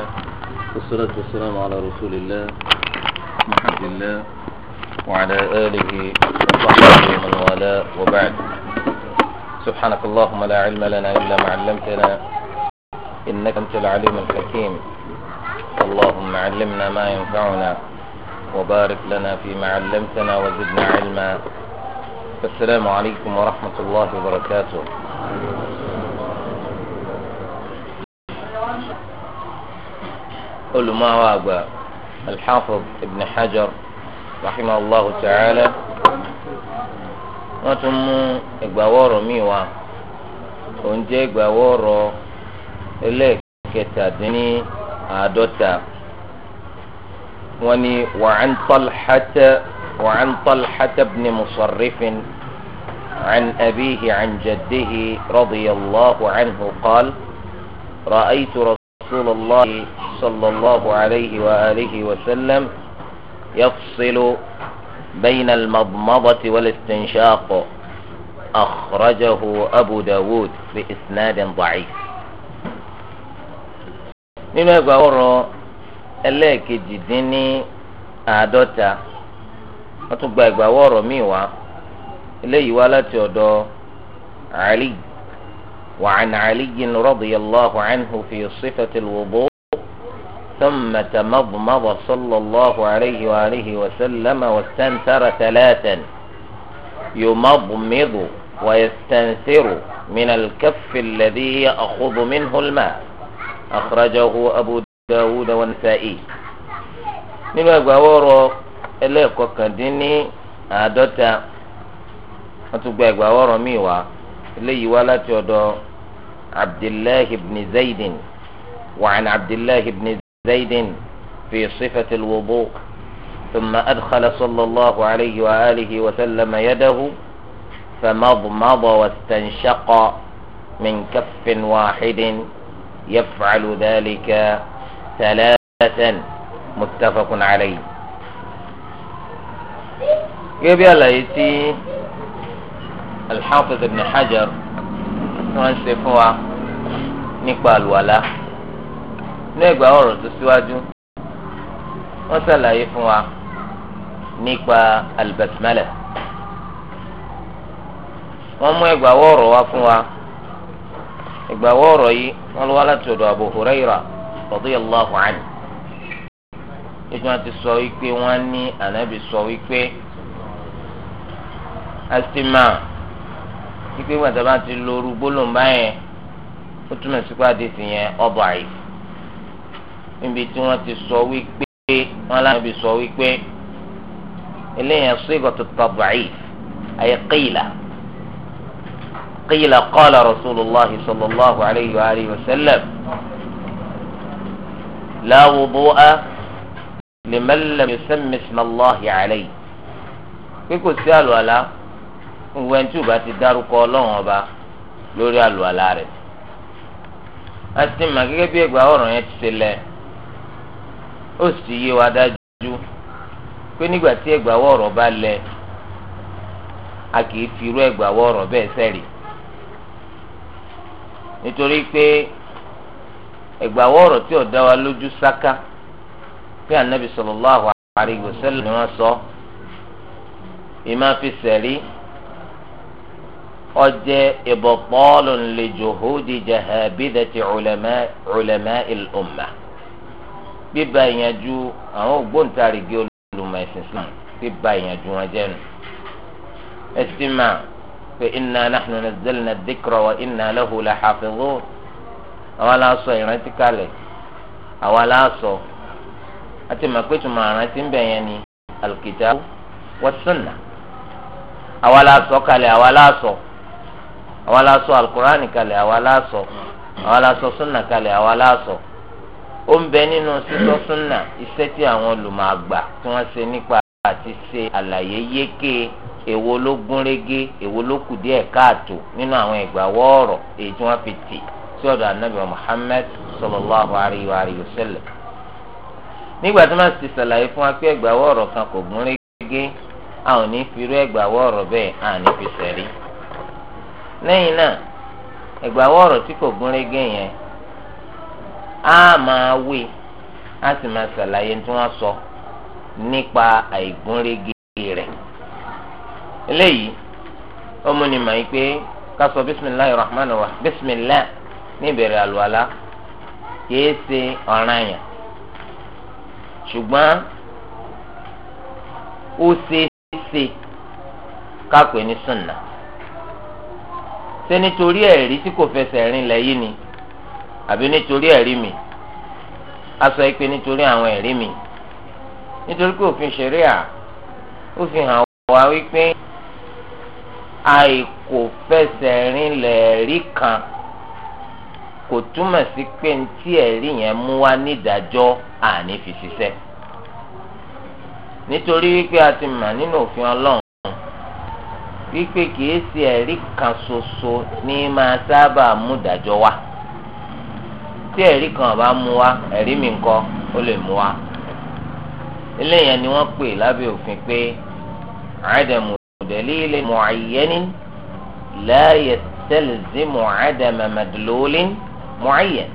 الله والصلاة والسلام على رسول الله محمد الله وعلى آله وصحبه ومن والاه وبعد سبحانك اللهم لا علم لنا إلا ما علمتنا إنك أنت العليم الحكيم اللهم علمنا ما ينفعنا وبارك لنا فيما علمتنا وزدنا علما السلام عليكم ورحمة الله وبركاته olùmọ̀wá àgbà alḥafiz ibn hajar rahimah allah ta'ala wọ́n tún mú ìgbàwọ́rọ̀ míì wá òun jẹ́ ìgbàwọ́rọ̀ ẹlẹ́ẹ̀kẹtàdínní àádọ́ta wọ́n ní wàhán talhata wàhán talhata ibn musarrifin عن أبيه عن جده رضي الله عنه قال رأيت رسول رسول الله صلى الله عليه وآله وسلم يفصل بين المضمضة والاستنشاق أخرجه أبو داود بإسناد ضعيف nínú ẹgbà ọ̀rọ̀ ẹlẹ́ẹ̀kejì dín ní àádọ́ta wọ́n tún gba ẹgbà ọ̀rọ̀ وعن علي رضي الله عنه في صفة الوضوء ثم تمضمض صلى الله عليه وآله وسلم واستنثر ثلاثا يمضمض ويستنثر من الكف الذي يأخذ منه الماء أخرجه أبو داود والنسائي من أقوار إليك وكدني أدوتا أتبقى أقوار ميوا إليه ولا تدو عبد الله بن زيد وعن عبد الله بن زيد في صفة الوضوء ثم أدخل صلى الله عليه وآله وسلم يده فمضمض واستنشق من كف واحد يفعل ذلك ثلاثة متفق عليه يبي الله يتي الحافظ ابن حجر wọ́n ń ṣe fún wa nípa àlùwàlá ní ẹ̀gbà tó síwájú wọ́n ṣàlàyé fún wa nípa mele wọ́n mú ẹ̀gbà fún wa ẹ̀gbà ọ̀rọ̀ yìí wọ́n lọ wá láti Abu Huraira ti sọ wípé wípé gbàtà bá ti lo orú gbólóhùn báyẹn ó túmọ̀ sí pé àdéhùn yẹn ọ̀bọ̀ àyè níbi tí wọ́n ti sọ wípé wọ́n láwọn ibi sọ wípé eléyàn sígọ̀tò tọ̀bàì ayé qila qila qala rasulillah sallallahu alayhi wa alihi wa sallam la wudu'a liman lam yusammi alayhi kíkò sí àlùwàlá. gbogbo ẹni tí ò bá ti dárúkọ ọlọ́run ọba lórí rẹ̀ a ti mà gẹ́gẹ́ bí ẹgbàá ọ̀rọ̀ yẹn ti lẹ̀ ó sì yé wa dájú pé nígbà tí ọ̀rọ̀ bá a kì fi irú ẹgbàá ọ̀rọ̀ bẹ́ẹ̀ sẹ́rì nítorí pé ẹgbàá ọ̀rọ̀ tí ò dá wa lójú sáká pé ni wọ́n sọ ìmáa fi So. ọjẹ ìbọ̀pọ̀lù lèjòhódì jahabidati ulama ìlùmà bíba ìyànjú àwọn ògbóǹtarìgì olùmọ̀ ẹ̀sìn Islam bíba ìyànjú wọn jẹ́ nù. ẹ̀sìmà pé inna nahnu nazzalna dhikra wa inna lahu lahafizun àwa láàsọ ìrántí kalẹ̀ àwa láàsọ àti màpẹ́tùmọ̀ àrántí ń bẹ̀yẹn ni alkitabu wa sunna àwa láàsọ kalẹ̀ àwa láàsọ àwa la sọ alukur'ani kalẹ̀ àwa la sọ àwa la sọ sunna kalẹ̀ àwa la sọ ó ń bẹ nínú sísọ sunna iṣẹ́ tí àwọn olùmọ̀ àgbà tí wọ́n ṣe nípa àti ṣe àlàyé yékè èwo ló gúnrégé èwo ló kù díẹ̀ káàtó nínú àwọn ìgbà wọ́ọ̀rọ̀ èyí tí wọ́n fi tì sí ọ̀dọ̀ anabi muhammed sallallahu alayhi wa alayhi wa sallam nígbà tí wọ́n ti ṣàlàyé fún wa pé ẹgbà wọ́ọ̀rọ̀ kan kò gúnrégé àwọn ò ní fi ẹgbà wọ́ọ̀rọ̀ bẹ́ẹ̀ àwọn ò ní fi sẹ̀rí. lẹ́yìn náà ẹ̀gbàwọ́ ọ̀rọ̀ tí kò gúnrégé yẹn á máa wé á sì máa ṣàlàyé tí wọ́n sọ nípa àìgúnrégé rẹ̀ eléyìí ó múni mà yí pé ká sọ bisimilahi rahman rahim bisimilahi ní ìbẹ̀rẹ̀ kìí ṣe ọ̀ràn yẹn ṣùgbọ́n ó ṣe ṣé nítorí ẹ̀rí tí kò fẹsẹ̀ rìn lẹ́yìn ni àbí nítorí ẹ̀rí mi a sọ pé nítorí àwọn ẹ̀rí mi nítorí pé òfin ṣẹ̀ríà ó fi hàn wá wípé àìkò fẹsẹ̀ rìn lẹ́ẹ̀rí kan kò túmọ̀ sí pé tí ẹ̀rí yẹn mú wá nídàájọ́ àní fi ṣiṣẹ́ nítorí wípé a ti mà nínú òfin ọlọ́run wípé kìí ṣe ẹ̀rí kan ṣoṣo ní máa sábà mú ìdájọ́ wá tí ẹ̀rí kan bá mú wá ẹ̀rí mi ńkọ́ ó lè mú wá eléyàn ni wọ́n pè lábẹ́ òfin pé àádẹ́mù dalil mu'ayyanin la yastalzimu àádẹ́mù madlulin mu'ayyan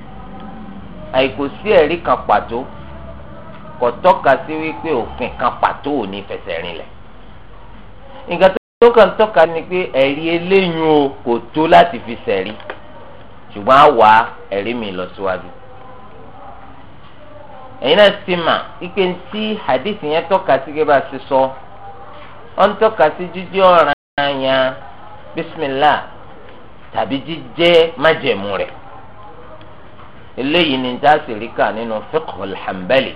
àìkò sí ẹ̀rí kan pàtó kò tọ́ka sí wípé òfin kan pàtó ò ní fẹsẹ̀ rinlẹ̀ nǹkan tó kàn tọ́ka ni pé ẹ̀rí eléyìn o kò tó láti fi sẹ̀rí ṣùgbọ́n á wá ẹ̀rí mi lọ síwájú. ẹ̀yin náà ti mà ike tí hadith yẹn tọ́ka sí gẹ́gẹ́ bá ṣe sọ ọ́n tọ́ka sí jíjẹ́ ọ̀ràn yẹn bísímìlá tàbí jíjẹ́ májẹ̀mú rẹ̀ eléyìí ni tá a sì nínú fiqhul hanbali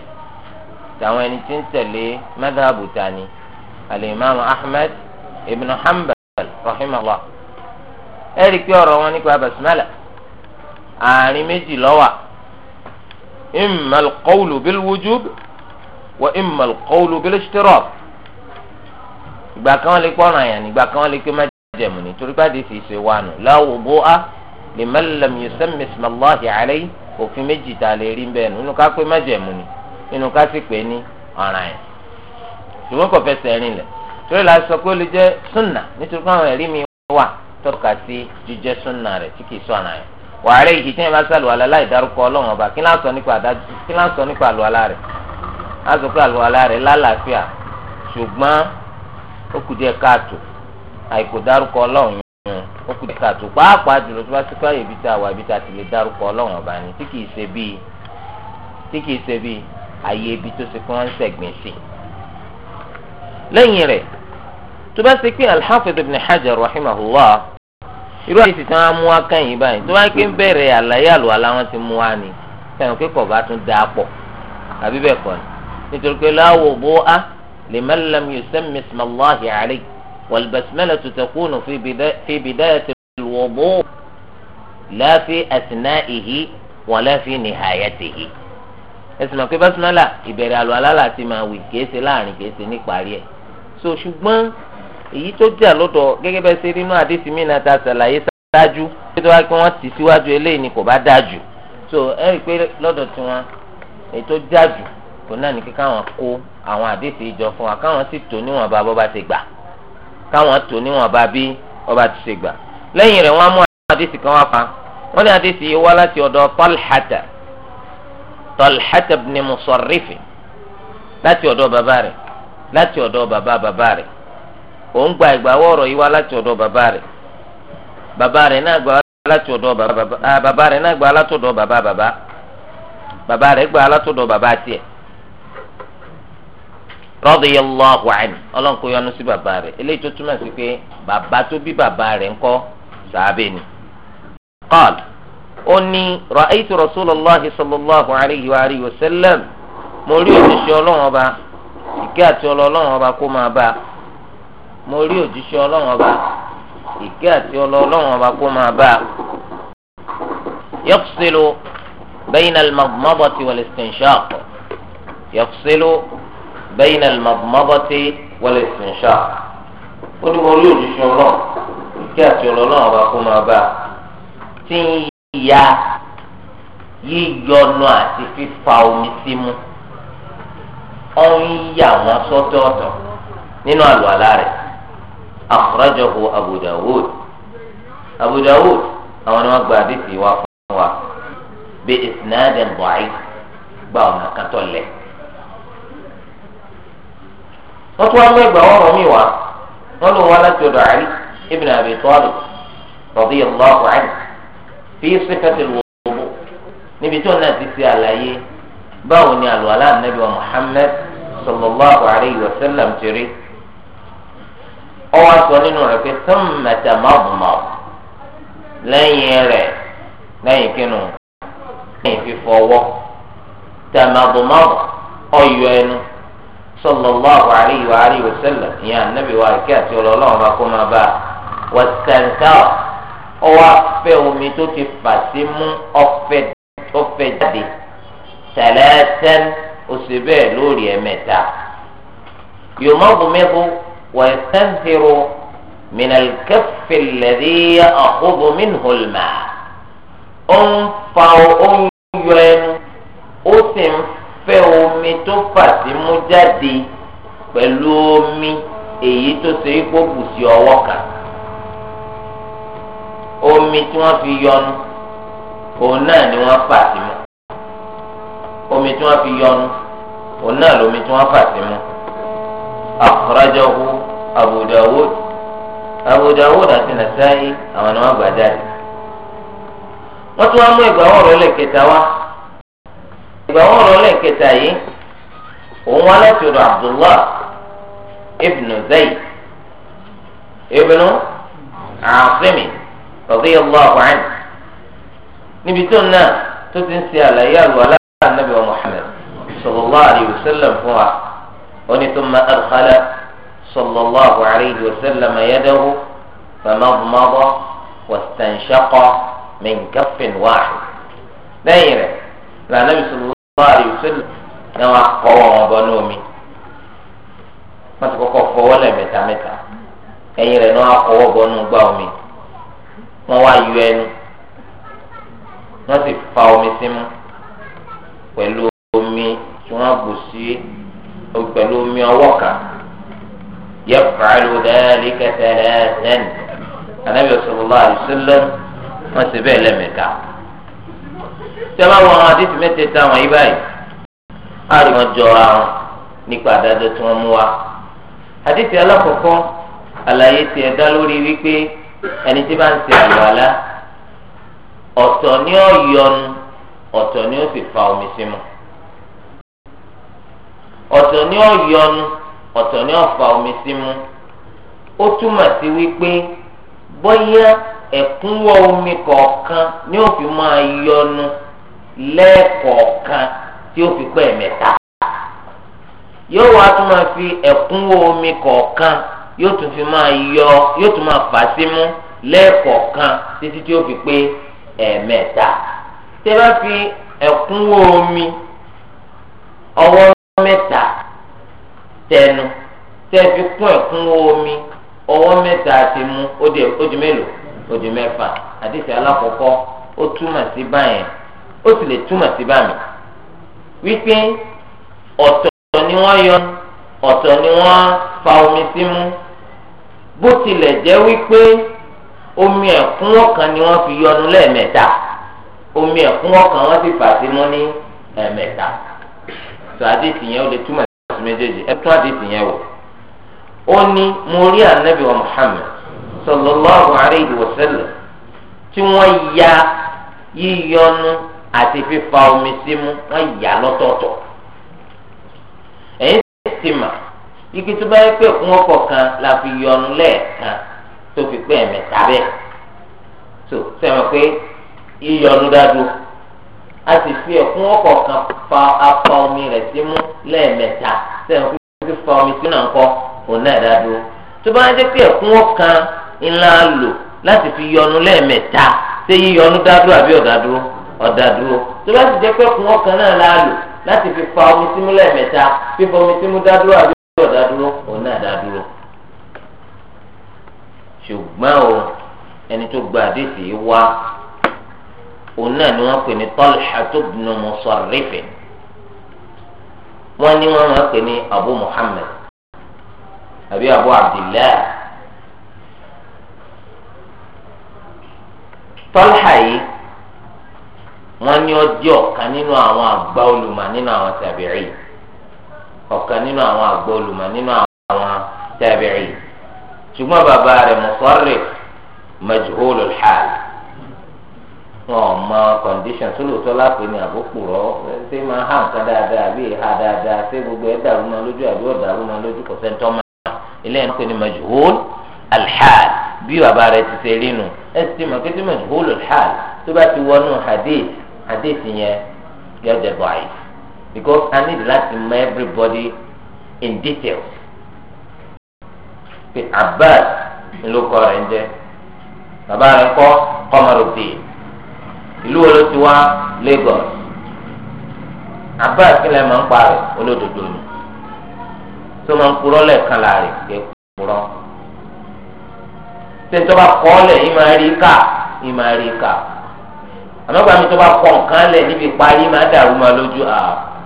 tàwọn ẹni tí ń tẹ̀lé madhabu tani alimami ahmed ibn hanbal rahimahullah ẹ̀rí pé ọ̀rọ̀ wọn nípa basmala àárín méjì lọ́wà immal qawlu bil wujub wa immal qawlu bil ishtirab ìgbà kan lè pọ́nrán yẹn ìgbà kan lè pé má jẹ̀mú ni torí báyìí fi ṣe wà nù la wudu'a liman lam yusammi ismallahi alayhi òfin méjì tá a lè rí bẹ́ẹ̀ nínú ká pé má jẹ̀mú ni nínú ká sì pé ní ọ̀ràn yẹn ṣùgbọ́n kò fẹsẹ̀ rìn lẹ̀ torí la sọ pé sunna nítorí pé àwọn mi wà sí sunna re tí kìí sọ àná yẹn wàhálà yìí tí yẹn bá sàlù ọba kí láǹsọ nípa àdájú kí láǹsọ nípa àlùwàlá rẹ̀ láǹsọ pé àlùwàlá rẹ̀ lálàáfíà ṣùgbọ́n ó kù káàtó àìkò dárúkọ yẹn ó kù ibi tá a ibi tá ti lè dárúkọ ọba ni tí ṣe bíi tí ṣe bíi tó bá ṣe pé alḥafiz ibn hajar rahimahullah irú àdìsí tí wọn á mú wá kẹ́yìn báyìí tó bá ké ń bẹ̀rẹ̀ àlàyé àlùwà làwọn ti mú wá ni fẹ́ràn pé kọ̀ọ̀bá tún dáa pọ̀ àbí bẹ́ẹ̀ kọ́ ni nítorí pé láwọ̀ bó a liman lam yusammi ismallahi alayhi wal basmalatu takunu fi bidayati alwudu la fi asna'ihi wala fi nihayatihi ẹsìn pé basmala ìbẹ̀rẹ̀ àlùwà lálàá ti máa wì kèése láàrin kèése níparí ẹ̀ so ṣùgbọ́n èyí tó jà lọ́dọ̀ gẹ́gẹ́ bẹ́ẹ̀ ṣe nínú àdéhùn mi náà ta ṣàlàyé ṣáájú pé tó wá pé wọ́n ti síwájú eléyìí ni kò bá dáa jù so ẹ rí i pé lọ́dọ̀ tiwọn èyí tó já jù kò náà ní kí káwọn kó àwọn àdéhùn ìjọ fún wa káwọn sì tó níwọ̀n bá bọ́ bá ti gbà káwọn tó níwọ̀n bá bí ọba ti ṣe gbà lẹ́yìn rẹ̀ wọ́n mú àdéhùn kan wá fa wọ́n ní àdéhùn yìí wá láti ọ̀dọ̀ Talhata Talhata ibn Musarrif láti ọ̀dọ̀ bàbá rẹ̀ láti ọ̀dọ̀ bàbá bàbá rẹ̀ òun gba ìgbàwọ́ ọ̀rọ̀ yìí wá láti ọ̀dọ̀ bàbá rẹ̀ bàbá rẹ̀ náà gba láti ọ̀dọ̀ bàbá bàbá rẹ̀ náà gba láti ọ̀dọ̀ bàbá bàbá bàbá rẹ̀ gba láti ọ̀dọ̀ bàbá tiẹ̀ radiyallahu anhu ọlọ́run kò sí bàbá rẹ̀ eléyìí tó túmọ̀ sí pé bàbá ni. ó ní sallallahu mo rí òjíṣẹ́ ọlọ́run ọba ìkẹ́ àti ọlọ́run ọba kó máa bá a. yọ́pùsílù bẹ́yìn alimọ̀bọ̀tì wọlé stinshaq yọ́pùsílù bẹ́yìn alimọ̀bọ̀tì wọlé stinshaq. ó ní mo rí òjíṣẹ́ ọlọ́run ìkẹ́ àti ọlọ́run ọba kó máa bá a. tí ń ya yíyọnu àti fífa omi sí mu ọ̀hún yà wọ́n sọ́tọ̀ọ̀tọ̀ nínú àlọ́ rẹ̀ akhrajahu abu dawud abu dawud àwọn ni wọn gba àdìsí wa fún wa bí isnadin bọ̀ọ̀ì gba ọ̀nà kan tó lẹ̀. wọ́n tún wá mẹ́gbàá wọn rọ̀ mí wá wọ́n lò wá láti ọ̀dọ̀ àrí ibn abi talib radiyallahu anhu fi sifati wudu níbi tó náà ti ṣe àlàyé báwo ni àlùwàlá nàbí wa muhammad sallallahu alayhi wa sallam ti rí. ọwọ́ sọ nínú rẹ̀ pé tó mẹ̀tẹ̀ mọ́bùmọ́ lẹ́yìn rẹ̀ lẹ́yìn kínú lẹ́yìn fífọwọ́ tẹ̀mọ́bùmọ́ ọ̀yọ́ ẹnu sallallahu alayhi wa alihi wa sallam ìyẹn anabi wa kí àti ọlọ́run bá kó máa bá wà sẹ̀ńtà ọwọ́ afẹ́ omi tó ti fà sí mú ọfẹ́ jáde tẹ̀lẹ́tẹ́n bẹ́ẹ̀ ويستنفر من الكف الذي يأخذ منه الماء أم فأو أم يوين أسم فأمي تفاتي مجدي pẹ̀lú omi èyí tó ṣe é kó bù sí ọwọ́ kan omi tí wọ́n fi yọnu òun náà ni wọ́n fà sí mu omi tí wọ́n fi yọnu òun náà lomi tí wọ́n fà sí mu akhrajahu abu dawud abu dawud àti nasaayi àwọn ni wọ́n gbà jáde wọ́n tún wá mú ìgbà ọ̀rọ̀ lẹ́kẹta wá ìgbà ọ̀rọ̀ lẹ́kẹta yìí òun wá láti ọ̀dọ̀ abdullah ibnu zayd ibnu asimi radiyallahu anhu níbi tó náà tó ti ń ṣe àlàyé àlùwalá ànábì wa muhammad sallallahu alayhi wa sallam fún wa oni tuma adkhala sallallahu alayhi wa sallam yadahu famadmada wastanshaqa min kaffin wahid lẹ́yìn rẹ̀ lànàbí sallallahu alayhi wa sallam náà wà kọ́wọ́ wọn bọ́ n'omi wọ́n ti kọ́kọ́ fọwọ́ lẹ̀ mẹ́tamẹ́ta ẹ̀yìn rẹ̀ náà wà kọ́wọ́ bọ́ n'ogbà omi wọ́n wá yọ ẹnu wọ́n sì fa omi símú pẹ̀lú omi tí wọ́n bù sí pẹ̀lú omi ọwọ́ kan yẹ́pàálù dáálí kẹtẹ́lẹ́ ẹ̀sẹ̀n anábì sallallahu alaihi wasallam wọ́n ti bẹ́ẹ̀ lẹ́mẹ̀ka. sẹ́wá wọn àwọn àdìsí mẹ́tẹ̀ẹ̀ta wọn yìí báyìí á rí wọn jọra wọn nípa àdájọ́ tí wọ́n mú wa. àdìsí alákọ̀ọ́kọ́ àlàyé tiẹ̀ dá lórí wípé ẹni tí bá ń ṣe àlùwàlá ọ̀tọ̀ ni ó yọnu ọ̀tọ̀ ni ó sì fa omi símu. ọ̀tọ̀ ni ó yọnu ọ̀tọ̀ ni ọ̀fà omi sí mu ó túmọ̀ sí wípé bóyá ẹ̀kúnwọ́ omi kọ̀ọ̀kan ni ó fi máa yọnu lẹ́ẹ̀kọ̀ọ̀kan tí ó fi pẹ́ mẹ́ta fi omi kọ̀ọ̀kan yóò tún fi máa yọ yóò tún máa fà sí fi pé omi ọwọ́ mẹta tẹnu tẹ́fi kún ẹ̀kún omi ọwọ mẹta ti mú odi mélòó odi mẹ́fà àdìsí alákọ̀ọ́kọ́ ó ma sí báyẹn ó sì lè túmọ̀ sí báyẹn wípé ọ̀tọ̀ ni wọ́n yọ ọ̀tọ̀ ni wọ́n fa omi sí mú bó tilẹ̀ jẹ́ wípé omi ẹ̀kún ọ̀kan ni wọ́n fi yọnu omi ẹ̀kún ọ̀kan wọ́n sì fà sí tó àdìsí yẹn ó lè túmọ̀ sí méjèèjì ẹ tún àdìsí yẹn wò ó ní mo rí ànábì wa Muhammad sallallahu alayhi wa sallam tí wọ́n ya yíyọnu àti fífa omi símú wọ́n yà lọ́tọ̀ọ̀tọ̀ ẹ̀yin ti mà igi tó bá yẹ pé fún ọkọ̀ kan la fi yọnu lẹ́ẹ̀kan tó fi pé ẹ̀mẹ̀ta bẹ́ẹ̀ tó sẹ́wọ̀n pé yíyọnu dájú a sì fi ẹ̀kún ọkọ̀ kan fa afa omi rẹ̀ sí mú lẹ́ẹ̀mẹ́ta sẹ́yìn fífi fa omi sínú àǹkọ́ òun náà dádúró tó bá jẹ́ pé ẹ̀kún ọ̀kan ńlá lò láti fi yọnu lẹ́ẹ̀mẹ́ta ṣé yíyọnu dádúró àbí ọ̀dádúró ọ̀dádúró tó bá sì jẹ́ pé ẹ̀kún ọ̀kan náà lá lò láti fi fa omi símú lẹ́ẹ̀mẹ́ta fífa omi símú dádúró àbí ọ̀dádúró òun náà dádúró ṣùgbọ́n o ẹni tó gba àdéhìí wá òun náà ni wọ́n pè ní Talhatu ibn Musarrifin wọ́n ní wọ́n máa pè ní Abu Muhammad àbí Abu Abdillah Talha yìí wọ́n ní ọjọ́ ọ̀kan nínú àwọn àgbà olùmọ̀ nínú àwọn tàbíì ọ̀kan nínú àwọn àgbà olùmọ̀ nínú àwọn tàbíì ṣùgbọ́n bàbá rẹ̀ Musarrif majhulul hal wọn ò mọ kọ̀ǹdíṣàn tó lóòótọ́ lápè ní àbókù rọ ṣé máa hàn kan dáadáa àbí ìhà dáadáa ṣé gbogbo ẹ̀ dàrú náà lójú àbí ọ̀ dàrú náà lójú kò sẹ́ńtọ́ máa ilé ẹ̀ ń pè ní majhul alhal bí bàbá rẹ̀ ti ṣe rí nu ẹ̀ sì ti mọ̀ pé tí majhul alhal tó bá ti wọnú hadith hadith yẹn yọ jẹ bọ̀ọ̀yì because I need láti mọ everybody in detail pé Abbas ló kọ́ rẹ̀ ń jẹ́ bàbá rẹ̀ ń kọ́ Qamaruddin ìlú wo ló ti wá Lagos Abbas kílẹ̀ máa ń pa rẹ̀ olódodo ni tó máa ń purọ́ lẹ́ẹ̀kan láàrin kí ẹ purọ́ ṣé tó bá kọ́ ọ́ lẹ̀ yín máa rí ká yín máa rí ká àmọ́ gbàmí tó bá kọ́ nǹkan lẹ̀ níbi parí máa dàrú máa lójú à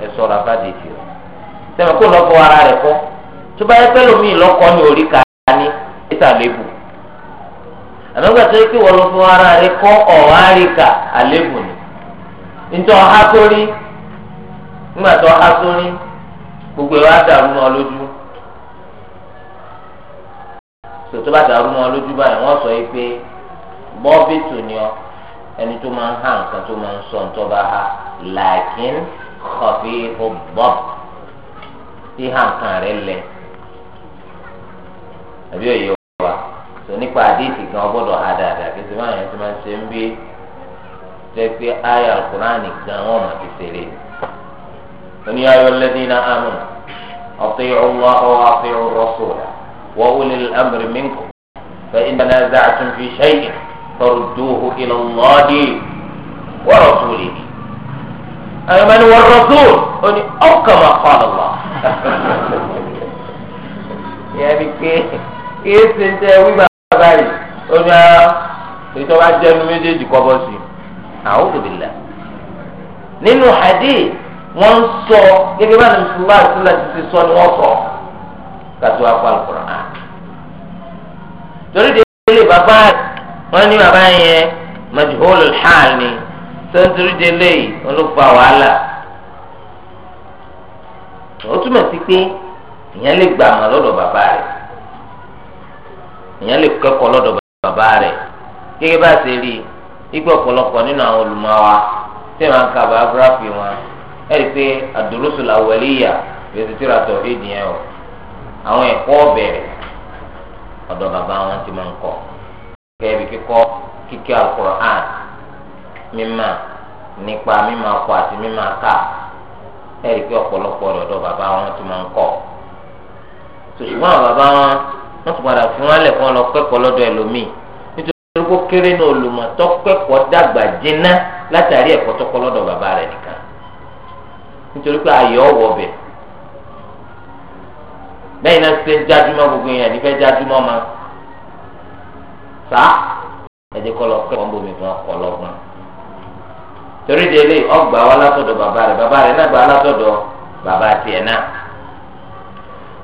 ẹ sọ̀rọ̀ abáde tì ọ́ sẹ́mi kó lọ́kọ́ ara rẹ̀ kọ́ tó bá yẹ pẹ́ lómi ìlọ́kọ́ ní orí ká ní ìtàlẹ́bù àmọ́gbà tó yẹ kí wọ́n lọ fún ara rẹ kọ́ ọ̀hún àríkà àlébù ni ntọ́ ha sórí ńgbà tó ha sórí gbogbo ẹ̀ wá dàrú lójú tòtò bá dàrú lójú báyìí wọ́n sọ yìí pé bọ́ọ̀bì tò ní ọ ẹni tó máa ń hàn nǹkan tó máa ń sọ bá ha làákín kọfí bọ́ọ̀bù tí hàn tó nípa àdéhìí gan ọgbọ́dọ̀ ha dáadáa kí sèwọ́n àyàn ti máa ń ṣe ń bí jẹ́ pé ayé alukurani gan wọ́n mọ̀ ti ṣeré oní ayọ̀ alladhina amanu ati'u Allaha wa ati'u ar-rasula wa ulil amri minkum fa in tanaza'tum fi shay'in farudduhu ila Allahi wa rasulihi ayọ̀ mẹ́ni wa rasul oní aw kama qala Allah yẹ́nni pé kí ẹ ṣe ń tẹ wíwá báyìí ó ní ah, ètò wa jẹ́ ẹnu méjèèjì kọ́ bọ́ sí i àwọn òbílẹ̀ nínú hadith wọ́n ń sọ gẹ́gẹ́ bá nàìjíríà ṣùgbọ́n àtúnlá ti ti sọ ni wọ́n sọ kàtó apá àlùkùrọ̀ hàn. torí de ilé bàbá wọn ní bàbá yẹn majhulul hal ni sẹ́ńtúrì de lé wọn ló fa wàhálà. ó túmọ̀ sí pé ìyẹn lè gbà mọ́ lọ́dọ̀ bàbá rẹ̀. èèyàn lè kẹ́kọ̀ọ́ lọ́dọ̀ bàbá rẹ̀ gẹ́gẹ́ bá a ṣe rí igbó ọ̀pọ̀lọpọ̀ nínú àwọn olùmọ̀ tí wọ́n ka biography wọn ẹ̀ rí pé ad-durusul awwaliyya fèsì tíra yẹn o àwọn ẹ̀kọ́ bẹ̀rẹ̀ ọ̀dọ̀ bàbá wọn ti máa ń kọ́ kẹ́ẹ̀bì kíkọ́ kíkẹ́ mímà nípa mímà àti mímà ká ẹ̀ wọ́n ti padà fún wọn lẹ̀ fún ọ kẹ́kọ̀ọ́ lọ́dọ̀ ẹlòmíì nítorí kó kéré ní olùmọ̀ tó dàgbà jiná látàrí ẹ̀kọ́ lọ́dọ̀ bàbá rẹ̀ nìkan nítorí pé ayọ̀ ọ̀wọ̀ bẹ̀ náà ṣe ń jájúmọ́ gbogbo ma sá kọ́ lọ kẹ́kọ̀ọ́ fún ọkọ̀ lọ́gbọ́n torí délé ọgbà wa látọ̀dọ̀ bàbá rẹ̀ bàbá rẹ̀ náà gbà látọ̀dọ̀ bàbá tiẹ̀ náà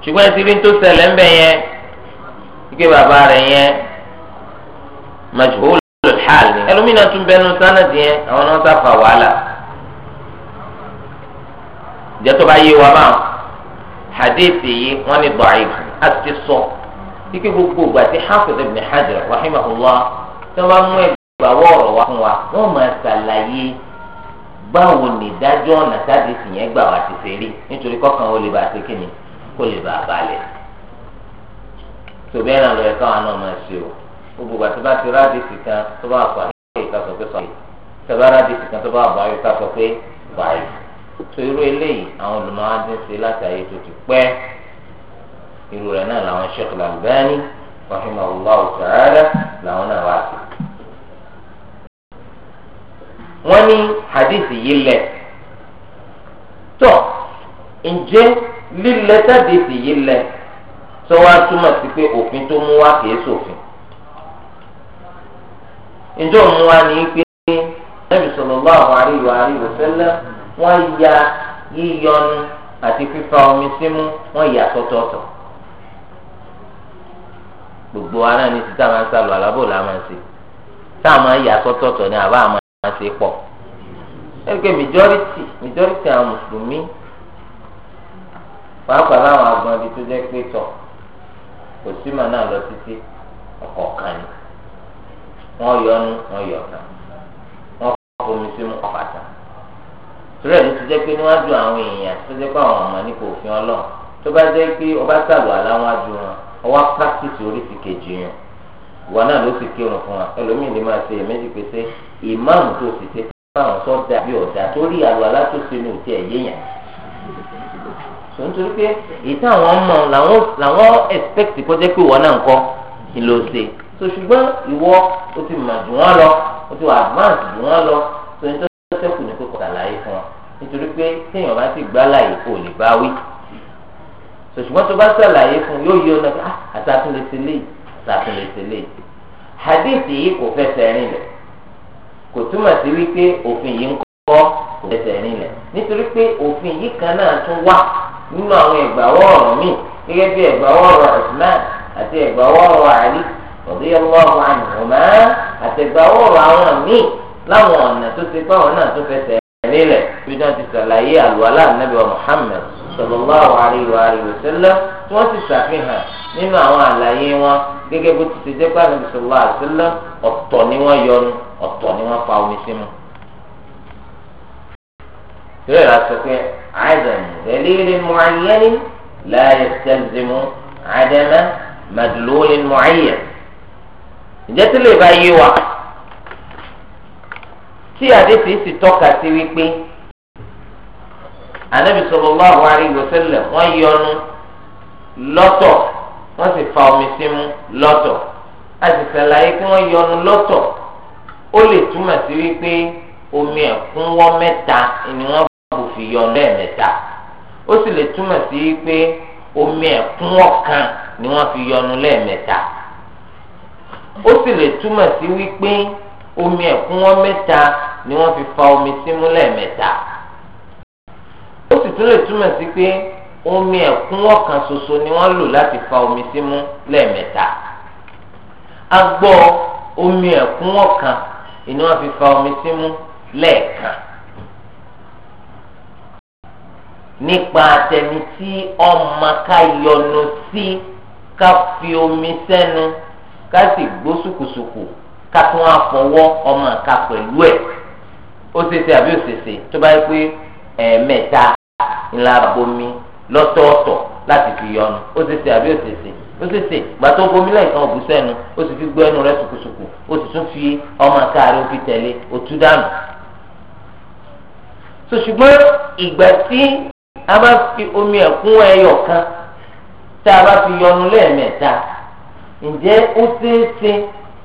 ṣùgbọ́n tó ṣẹlẹ̀ ike bàbá rẹ̀ yẹn majhul al ni ẹlòmínà tún bẹnu yẹn àwọn náà wàhálà bá yé wa yìí a sọ ike gbogbo ìgbà tí ibn rahimahullah wa máa ṣàlàyé báwo ni ọ̀nà yẹn gbà ni kó lè bá a tòbí ẹ̀ràn lọ́yẹ̀ káwọn náà máa ṣe o gbogbo àti bá ti rádìsì kan tó bá fà yìí ká sọ pé sọ yìí rádìsì kan tó bá sọ pé tó irú eléyìí àwọn ṣe láti ayé tó ti pẹ́ irú rẹ̀ náà làwọn Sheikh Al-Albani ta'ala làwọn náà wá sí. wọ́n ní hadith yìí lẹ̀ tọ́ ǹjẹ́ lílẹ̀ tàbí tó wá túmọ̀ sí pé òfin tó mú wá kìí sòfin njọ́ mú wá ní pé Nabi sallallahu alaihi wa alihi wasallam wọ́n ya yíyọnu àti fífa omi símú wọ́n yà sọ́tọ̀ọ̀tọ̀ gbogbo ara ní ti táwọn sálọ alábò la máa ṣe táwọn yà sọ́tọ̀ọ̀tọ̀ ni àbá máa ṣe pọ̀ ẹgbẹ́ majority majority àwọn mùsùlùmí pàápàá láwọn agbọ̀n ibi tó jẹ́ pé tọ̀. kò sí màá náà lọ títí ọ̀kọ̀ọ̀kan ni wọ́n yọ ọ́nú wọ́n yọ ọ̀kan wọ́n fomi sí ọ̀pàtà ẹ̀ ló ti jẹ́ pé níwájú àwọn èèyàn tó jẹ́ pé àwọn ọmọ nípa òfin ọlọ́run tó bá jẹ́ pé ọba sàlù aláwájú wọn ọwọ́ pàṣípì oríṣi kejì yẹn ìwà náà ló sì kírun fún wa lè máa ṣe èméjì pé ṣé ìmáàmù tó ti ṣe fún àwọn tó ń torí pé èyí táwọn mọ làwọn expect kọjá pé wọn náà ń kọ́ ni ló ṣe so ṣùgbọ́n ìwọ o ti mà jù wọ́n lọ o ti wà advance jù wọ́n lọ so ní tó ṣẹ́kù ní kókò àlàyé fún wọn nítorí pé téèyàn bá ti gbá láàyè kò lè bá wí so ṣùgbọ́n tó bá ṣàlàyé fún yóò yí ọ̀nà pé ah, àtàtún lè ṣe léyìí àtàtún lè ṣe léyìí hadith yìí kò fẹsẹ̀ rìn lẹ̀ kò túmọ̀ sí wípé òfin yìí ń kọ́ kò fẹsẹ̀ rìn lẹ̀ nítorí pé òfin yìí kan náà tún wà nínú àwọn ìgbàwọ́ ọ̀rọ̀ míì gẹ́gẹ́ bí ìgbàwọ́ ọ̀rọ̀ Usman àti ìgbàwọ́ ọ̀rọ̀ Ali radiyallahu anhuma àti ìgbàwọ́ ọ̀rọ̀ àwọn míì láwọn ọ̀nà tó ti pé àwọn náà tó fẹsẹ̀ nílẹ̀ bí wọ́n ti sàlàyé àlùwalá nàbí wa Muhammad sallallahu alayhi wa alihi wa sallam tí wọ́n ti ṣàfihàn nínú àwọn àlàyé wọn gẹ́gẹ́ bó ti ṣe jẹ́ pé àlùbí sallallahu alayhi ọ̀tọ̀ ni wọ́n yọnu ọ̀tọ̀ ni wọ́n fa omi sí mu torí ẹ̀rọ sọ pé adam dalilin mu'ayyanin la yastalzimu adama madlulin mu'ayyan ǹjẹ́ tí lè bá yé wa tí àdéhùn sì tọ́ka sí wípé anabi sallallahu alaihi wasallam wọ́n yọnu lọ́tọ̀ wọ́n sì fa omi sí mu lọ́tọ̀ a sì ṣàlàyé pé wọ́n yọnu lọ́tọ̀ ó lè túmọ̀ sí wípé omi ẹ̀kúnwọ́ mẹ́ta ni wọ́n fi yọ lẹ́ẹ̀mẹ́ta ó sì lè túmọ̀ sí pé omi ẹ̀kún ọ̀kan ni wọ́n fi yọnu lẹ́ẹ̀mẹ́ta ó sì lè túmọ̀ sí wípé omi ẹ̀kún wọn mẹ́ta ni wọ́n fi fa omi símú lẹ́ẹ̀mẹ́ta ó sì tún lè túmọ̀ sí pé omi ẹ̀kún ọ̀kan ṣoṣo ni wọ́n lò láti fa omi símú lẹ́ẹ̀mẹ́ta agbọ́ omi ẹ̀kún ọ̀kan ni wọ́n fi fa omi símú lẹ́ẹ̀kan. nípa àtẹ̀mí tí ọmọ ká yọnu sí ká fi omi sẹ́nu ká sì gbó sùkùsùkù ká tún àfọwọ́ ọmọ ká pẹ̀lú ẹ̀ ó ṣeéṣe àbí òṣèṣe tó bá yẹ pé ẹ̀ẹ̀mẹ́ta ńlá bomi lọ́tọ̀ọ̀tọ̀ láti fi yọnu ó ṣeéṣe àbí òṣèṣe ó ṣeéṣe gbà tó bomi lẹ́ẹ̀kan ògùn sẹ́nu ó sì fi gbọ́ ẹnu rẹ̀ sùkùsùkù ó sì tún fi ọmọ ká rẹ̀ fi tẹ̀lé ó dànù so ṣùgbọ́n ìgbà tí a bá fi omi ẹ̀kún ẹyọ kan tá a bá fi yọnu lẹ́ẹ̀mẹ́ta ǹjẹ́ ó ṣeé ṣe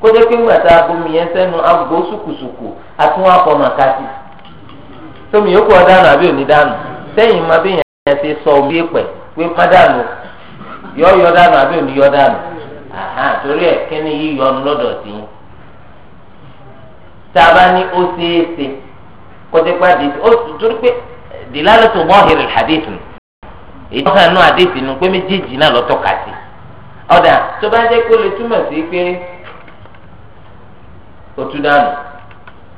kó jẹ́ pé ńgbà tá yẹn sẹ́nu agbó sùkùsùkù àti wọn akọ màkàtì tómi yòókù ọ̀dànù àbí onídànù sẹ́yìn máa bí yẹn ti sọ omi pẹ̀ pé má dànù yọ yọ dànù àbí òní yọ dànù ni lọ́dọ̀ sí i tá a bá dilalatu zahiril hadith ni èyí tó hàn nú hadith nu pé méjèèjì náà lọ́tọ̀ kà sí ọ̀dà tó bá jẹ́ kó lè túmọ̀ sí pé ó tú dànù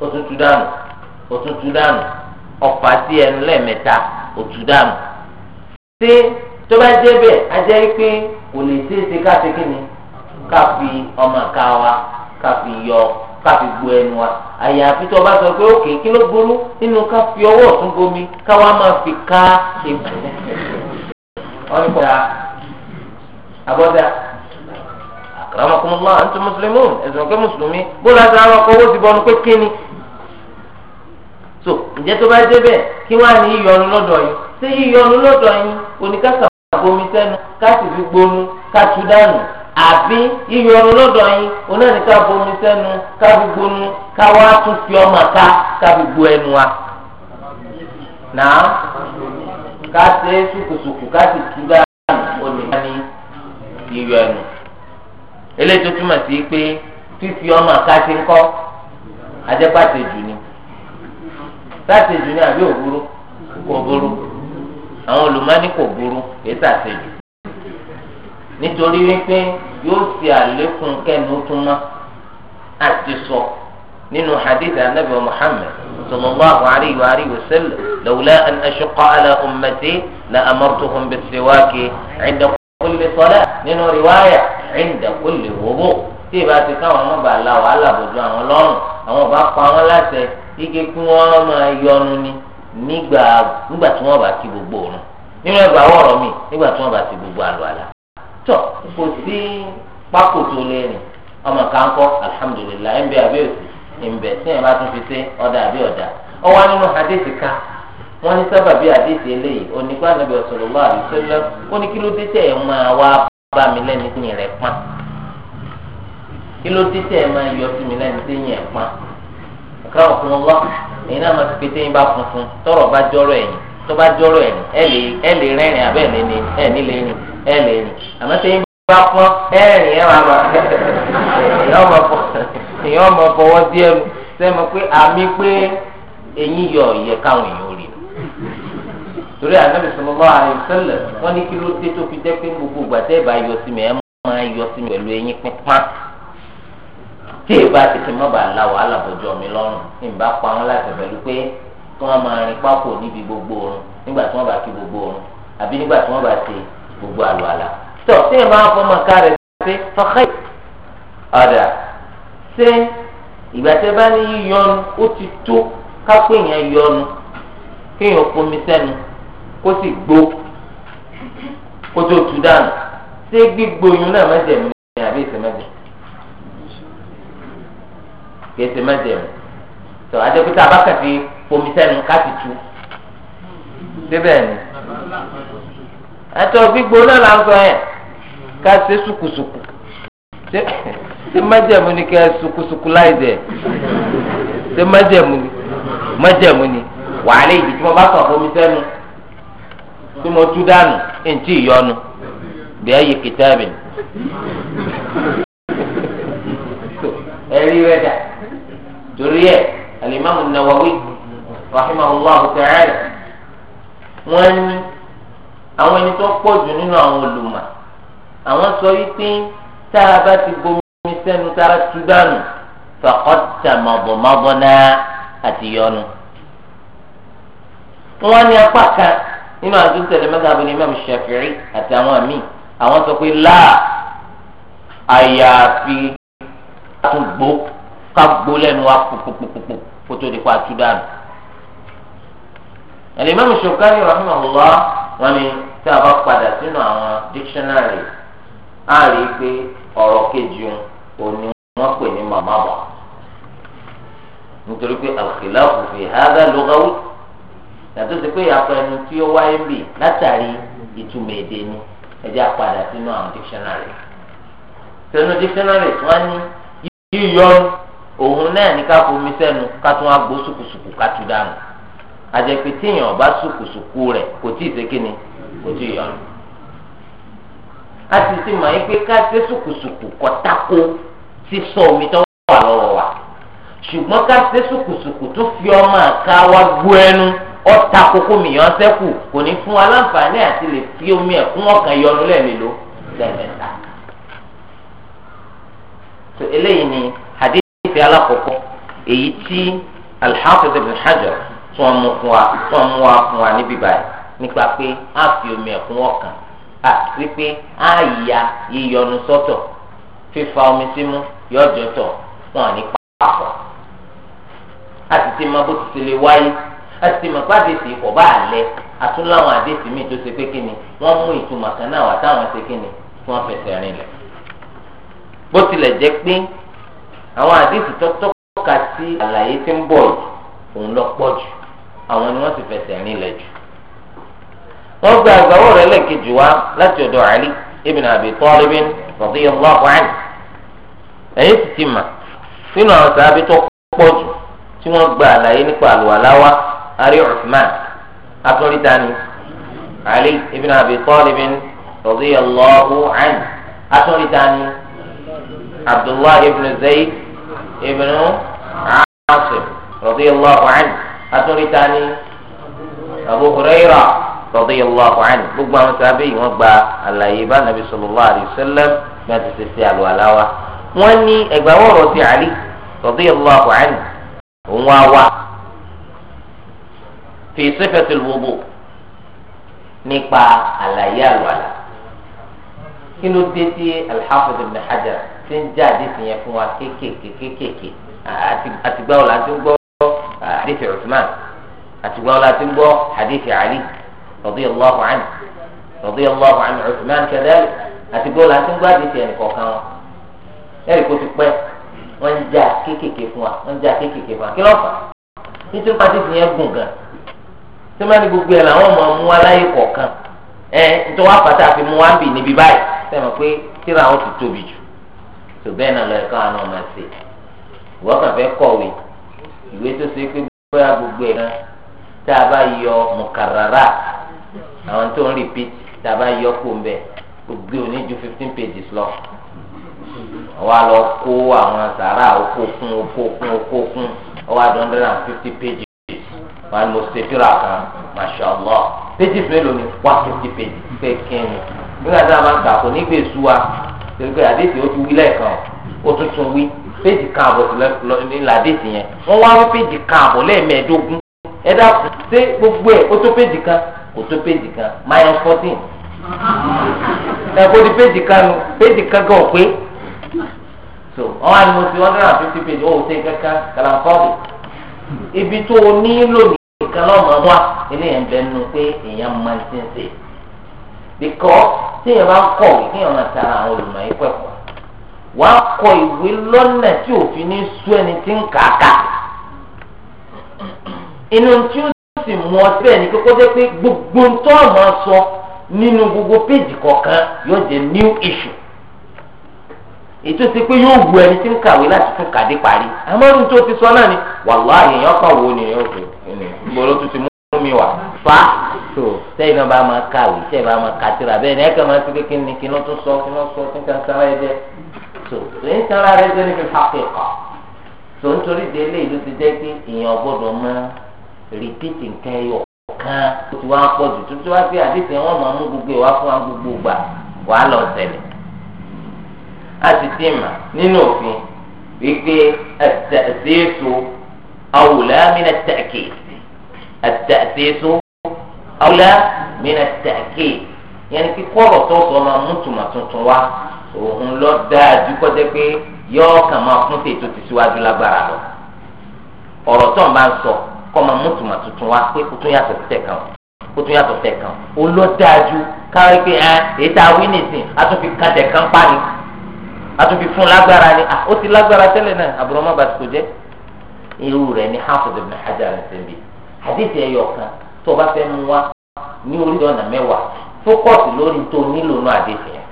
ó tún tú dànù ó tún tú dànù ọ̀fà sí ẹnu lẹ́ẹ̀mẹ́ta ó dànù ṣé tó bá jẹ́ bẹ́ẹ̀ a jẹ́ pé kò lè ṣeé ṣe ká ṣe kí ni ká fi ọmọ ká wa ká fi yọ káfi gbu ẹnu wa àyàfi tó o bá sọ pé òkè kí ló burú nínú ká fi ọwọ́ ọ̀tún bomi káwa máa fi ká ìbò. ọ̀nìkọ̀dà àbọ̀dà àkàràmọ̀kùnmọ́ àǹtí mùsùlùmí ẹ̀sìn mùsùlùmí bóra àwọn ọkọ̀ owó ti pé ǹjẹ́ tó bá kí ní lọ́dọ̀ yìí ṣé lọ́dọ̀ yìí àbí ìyọnu lọ́dọ̀ yín onáni ká bomi sẹ́nu ká gbogbo nu ká wá tún fi ọmọ ká ká gbogbo ẹnu wa. Nàá ká ṣe é ṣùkùṣùkù ká sì tú dáhùn olùkọ́ ní ìyọ ẹnu. Eléyìí tó túmọ̀ sí pé fífi ọmọ ká ti ń kọ́ ni. Sátẹ́jù ni àbí òbúrú kò burú. Àwọn olùmọ́ni kò burú yóò fi àlékún kẹ́nu tún mọ́ àti sọ nínú hadith anabi muhammed sallallahu alayhi wa alihi wa sallam lawla an ashuqa ala ummati la amartuhum bisiwaki inda kulli salat nínú riwaya inda kulli wudu tí ìbá ti káwọn ọmọ bá la wàhálà bòjú àwọn lọ́rùn àwọn ọba pa wọn láṣẹ ike kí wọ́n máa yọnu ni nígbà tí wọ́n bá ti gbogbo òrùn nínú ẹgbàá wọ̀rọ̀ mi nígbà tí wọ́n bá ti gbogbo àlọ́ àlà. tọ kò sí pákó tó lè rìn ọmọ kan kọ alihamudulilayi ń bẹ abẹ òsì ń bẹ tí ẹ bá tún fi ṣe ọdà ọwọ nínú hadithi ká wọn ní sábà bí hadithi eléyìí onígbà nàbẹ ọsọlọlọ àdìsọlọ ó ní kí ló tí yọ sí mi lẹni tí yẹn pọn náà máa ti pété funfun tọrọ bá jọrọ bá jọrọ ẹ lè ẹ lè rìn àmọ́ sẹ́yìn bá fọ́ ẹ rìn ẹ wà máa èèyàn ọmọ fọwọ́ sí ẹnu sẹ́mi pé àmì pé eyín yọ ọ̀yẹ káwọn èèyàn ò rí torí ànábì sallallahu alaihi wasallam wọn ní kí ló dé tó fi jẹ́ pé gbogbo ìgbà tẹ́ ẹ bá yọ sí mi ẹ máa yọ sí mi pẹ̀lú eyín pípán tí ẹ tètè má bàa la wàhálà bọjọ mi lọ́rùn ní bá pa wọn láti pẹ̀lú pé kí wọn máa rin pákó níbi gbogbo oorun nígbà tí wọn bá kí gbogbo oorun àbí nígbà tí wọn bá ṣe gbogbo àlùwàlà tó tí yẹn máa fọmọ ká rẹ̀ ṣe fọkẹ́ ọ̀dà ṣé ìgbà tẹ bá ní yíyọnu ó ti tó kápẹ́ yẹn yọnu kéèyàn fomi sẹ́nu kó sì gbó kó tó tu dànù ṣé gbígbóyún náà mẹ́jẹ̀mú ni àbí ìsẹ̀mẹ́jẹ̀mú kèsì mẹ́jẹ̀mú tó adékútà abákàtì fomi sẹ́nu ká ti tu débẹ̀ ni àtọ̀ gbígbóná là ń sọ yẹn ká ṣe sùkùsùkù ṣe májẹ̀mú ni kẹ́ sùkùsùkù láì dẹ̀ ṣe májẹ̀mú ni májẹ̀mú ni wàhálà ìdí tí wọ́n bá sọ̀ fún mi sẹ́nu tí mo tú dànù ẹ̀ǹtí ìyọnu bẹ́ẹ̀ yìí kìtàbí ẹ̀rí rẹ̀ dà torí ẹ̀ alimami Nawawi rahimahullahu ta'ala wọ́n ní àwọn ẹni tó pọ̀ jù nínú àwọn olùmọ̀ àwọn sọ yìí pé tá a bá ti bomi sẹ́nu tára tú dànù fàkọ́tà mọ̀bọ̀mọ́bọ́ná àti yọnu. wọ́n ní apá kan nínú àti tẹ̀lé mẹ́ta abúlé Imam Shafi'i àti àwọn míì àwọn sọ pé láà àyàfi àtúgbò ká gbó lẹ́nu wa pòpòpòpò kó di pa tú dànù. Al-Imam Shawkani rahimahullah wọ́n ní tí a bá padà sínú àwọn dictionary á rí i pé ọ̀rọ̀ kejì òun ni wọ́n pè ní màmá bọ̀ nítorí pé al-khilafu fi hadha lughawi yàtọ̀ sí pé ìyàtọ̀ ẹni tí ó wáyé bì látàrí ìtumọ̀ èdè ni ẹjẹ́ àpadà sínú àwọn dictionary sínú dictionary tí wọ́n ní yíyọ òun náà ní ká fomi sẹ́nu ká tún agbó sùkùsùkù ká tún dànù àjẹpẹ tíyàn ọba sùkùsùkù rẹ kò tí ì ṣe kíni kò tí ì yọnu a sì ti mọ̀ yín pé ká ṣe sùkùsùkù kọ́tàkó sísọ omi tó wà lọ́wọ́ wa ṣùgbọ́n ká ṣe sùkùsùkù tó fi ọmọ àká wa gbó ẹnu ọ̀tà kókó mìíràn sẹ́kù kò ní fún aláǹfààní àti lè fi omi ẹ̀kún ọ̀kan yọnu lẹ́ẹ̀mélòó lẹ́ẹ̀mẹ́ta. tó eléyìí ni hadith alákọ̀ọ́kọ́ èyí tí al-Hafiz ibn Hajar tí wọ́n mú wa tí wọ́n wa fún wa níbí báyìí nípa pé á fi omi ẹ̀kún ọkàn à wípé á ya yíyọnu sọ́tọ̀ fífa omi símú yọjọ́ tọ̀ fún àní papọ̀ a sì ti mọ bó ti ṣe lè wáyé a sì ti mọ pàdé sí ìfọ̀ bá a lẹ àtúnláwọn àdéhùn mi tó ṣe pé kíni wọ́n mú ìtumọ̀ kan náà wà táwọn ṣe kíni tí wọ́n rìn lẹ̀ bó tilẹ̀ jẹ́ pé àwọn àdéhùn tó tọ́ka sí àlàyé tí ń bọ̀ yìí òun lọ pọ̀ jù àwọn ni wọ́n sì fẹsẹ̀ nílẹ̀ jù wọ́n gba àgbàwọ̀ rẹ̀ lẹ́ẹ̀kejì wá láti ọ̀dọ̀ Ali ibn Abi Talib radiyallahu anhu ẹ̀yìn sì ti mà nínú àwọn sàábí tó pọ̀ jù tí wọ́n gba àlàyé nípa àlùwàláwá ari Uthman atúndítàní Ali ibn Abi Talib radiyallahu anhu atúndítàní Abdullah ibn Zayd ibn Asim radiyallahu atúrítani Abu Huraira radiyallahu anhu gbogbo àwọn sábẹ yìí wọ́n gba àlàyé bá nàbí sallallahu alaihi wasallam bí wọ́n ti ṣe ṣe àlùwàlá wa wọ́n ní ẹgbàwọrọ ti àlì radiyallahu anhu òun wá wá fi sifatil wudu nípa àlàyé àlùwàlá kí ló dé tí al ibn Hajar ti ń jáde tìyẹn fún wa kéékèèké kéékèèké àtìgbà ọ̀la ti ń gbọ́ hadithi Uthman àti gbọ́ láti gbọ́ hadithi Ali radiyallahu anhu radiyallahu anhu Uthman kadhalik àti gbọ́ láti gbọ́ hadithi ẹnìkọ̀ọ̀kan wọn ẹ̀rí kó ti wọ́n ń kéékèèké fún wa wọ́n ń kéékèèké fún wa kí ló fà á nítorí pàṣẹ fi yẹn gùn gan tí wọ́n ní gbogbo ẹ̀ làwọn ọmọ mú aláyé kọ̀ọ̀kan ẹ̀ mú ń bì níbi báyìí pé ti tóbi jù tó bẹ́ẹ̀ náà àwọn ọmọ ìwé tó ṣe pé bóyá gbogbo ẹ̀ kan tá a bá yọ mùkàràrà àwọn tó ń repeat tá a bá yọ kó ń bẹ gbogbo òní ju fifteen pages lọ wọ́n á lọ kó àwọn sàrà okó kún okó kún okó kún ọwọ́ àti hundred and fifty pages wọ́n á lọ ṣe kan mashallah pages mélòó ni one fifty pages pé kíni nígbà tí a máa ń kà kó nígbèsú wa torí pé àdéhùn ó ti wí lẹ́ẹ̀kan ó tuntun wí péjì kan àbọ̀ ní làdíìsì yẹn wọ́n wá péjì kan àbọ̀ ẹ dákun ṣé gbogbo ẹ̀ tó péjì kan kò tó péjì kan minus fourteen ẹ̀kọ́ di péjì kan nu péjì kan gan pé so wọ́n á ní mo ti one hundred and fifty page ṣe kankan ibi tó o ní lónìí pé èèyàn máa ń ṣe ṣe wà kọ ìwé lọ́nà tí òfin ní sú ẹni tí ń kà á kà. inú tí ó sì mú ọ síbẹ̀ ní kókó gbogbo ń tọ́ ọ̀mọ́ sọ nínú gbogbo péjì kọ̀ọ̀kan yóò jẹ́ new issue. ètò ti pé yóò wu ẹni tí ń kàwé láti fún kàdé parí. àmọ́rún tó ti sọ náà ni wo ni tó ti fa tó náà bá máa kàwé bá máa kàtìrà ni máa ti ni kí tún sọ kí sọ so tó ń tẹ́ra rẹ jẹ́ níbi pàkíkọ̀ tó ń torí de eléyìí ló ti jẹ́ pé èèyàn gbọ́dọ̀ mọ rìpítì nǹkan ẹyọ kan ó ti wá pọ̀ jù tó ti wá pé àdéhùn wọn máa mú gbogbo ìwà fún wa gbogbo gbà wàá lọ ṣẹlẹ̀ a ti ti mà nínú òfin wípé ẹ̀tẹ̀ẹ̀sẹ̀ẹ̀sọ awùlá mìíràn tẹ̀kì ẹ̀tẹ̀ẹ̀sẹ̀ẹ̀sọ awùlá mìíràn tẹ̀kì yẹn kí kọ́rọ̀ tó sọ máa mú tùmọ̀ tuntun wá òun lọ dáa ju kọjá pé yọ́ọ́ kàn máa fún tètò ti síwájú lágbára lọ ọ̀rọ̀ tó ń bá ń sọ kọ́ máa mú tùmọ̀ tuntun wá pé kó tún yàtọ̀ tẹ̀ kàn kó tún yàtọ̀ tẹ̀ kàn ó lọ dáa ju káwé pé ẹ ah, èyí tá a wí nìsín a tún fi kan tẹ̀ kàn pa ni a tún fi fún lágbára ni ah, ó ti lágbára tẹ́lẹ̀ náà àbúrò má bàtí kò jẹ́ irú rẹ̀ ni Hafiz ibn Hajar ń sẹ́ńbi àdéhìí ẹ̀yọ̀ kan tó o bá fẹ́ mú wa ní orí ọ̀nà mẹ́wàá fókọ̀sì lórí tó nílò nù àdéhùn yẹn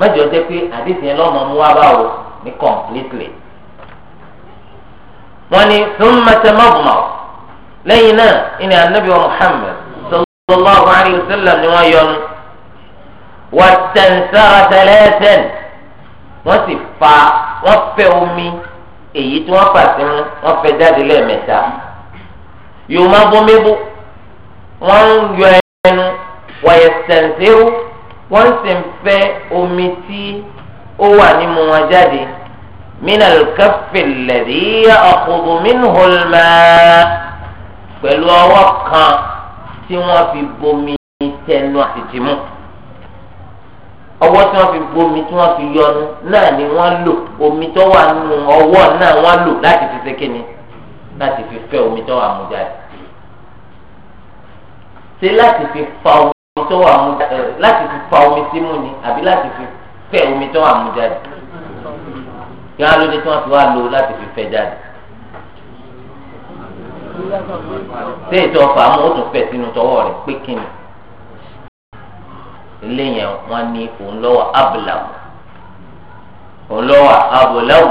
mẹjọ jẹ pé àdéhùn yẹn lọ́mọ mú wá báwo ní completely wọ́n ní sọmọtẹmọbùmọ lẹ́yìn náà ìní anabi wa Muhammad sallallahu alayhi wa sallam ni wọ́n yọnu wọ́n tẹnsára tẹlẹsẹn wọ́n sì fa wọ́n fẹ́ omi èyí tí wọ́n fà sí mu wọ́n fẹ́ jáde lẹ́ẹ̀mẹ́ta yòó má bọ mébù wọ́n ń yọ wọ̀nyẹ sẹ̀ǹsẹ̀rù wọ́n sì ń fẹ́ omi tí ó wà nímú wọn jáde minal kẹfìlẹ̀dì ọ̀kùnrin mínúhùlmá pẹ̀lú ọwọ́ kan tí wọ́n fi bomi tẹnu àti tìmú ọwọ́ tí wọ́n fi gbomi tí wọ́n fi yọnu náà ni wọ́n lò omi tó wà nù ọwọ́ náà wọ́n lò láti fi ṣe kíni láti fi fẹ́ omi tó wà mú jáde ṣe láti fi fa omi omi tó wà mú jáde láti fi fa omi sí mú ni àbí láti fi fẹ omi tó wà mú jáde kí wọn lóde tí wọn fi wá lò láti fi fẹ jáde ṣé ètò ọfà mú òtún fẹ sínú tọwọ́ rẹ̀ pé kíni eléyẹn wọn ní òun lọ́wọ́ abúláwò òun lọ́wọ́ abúláwò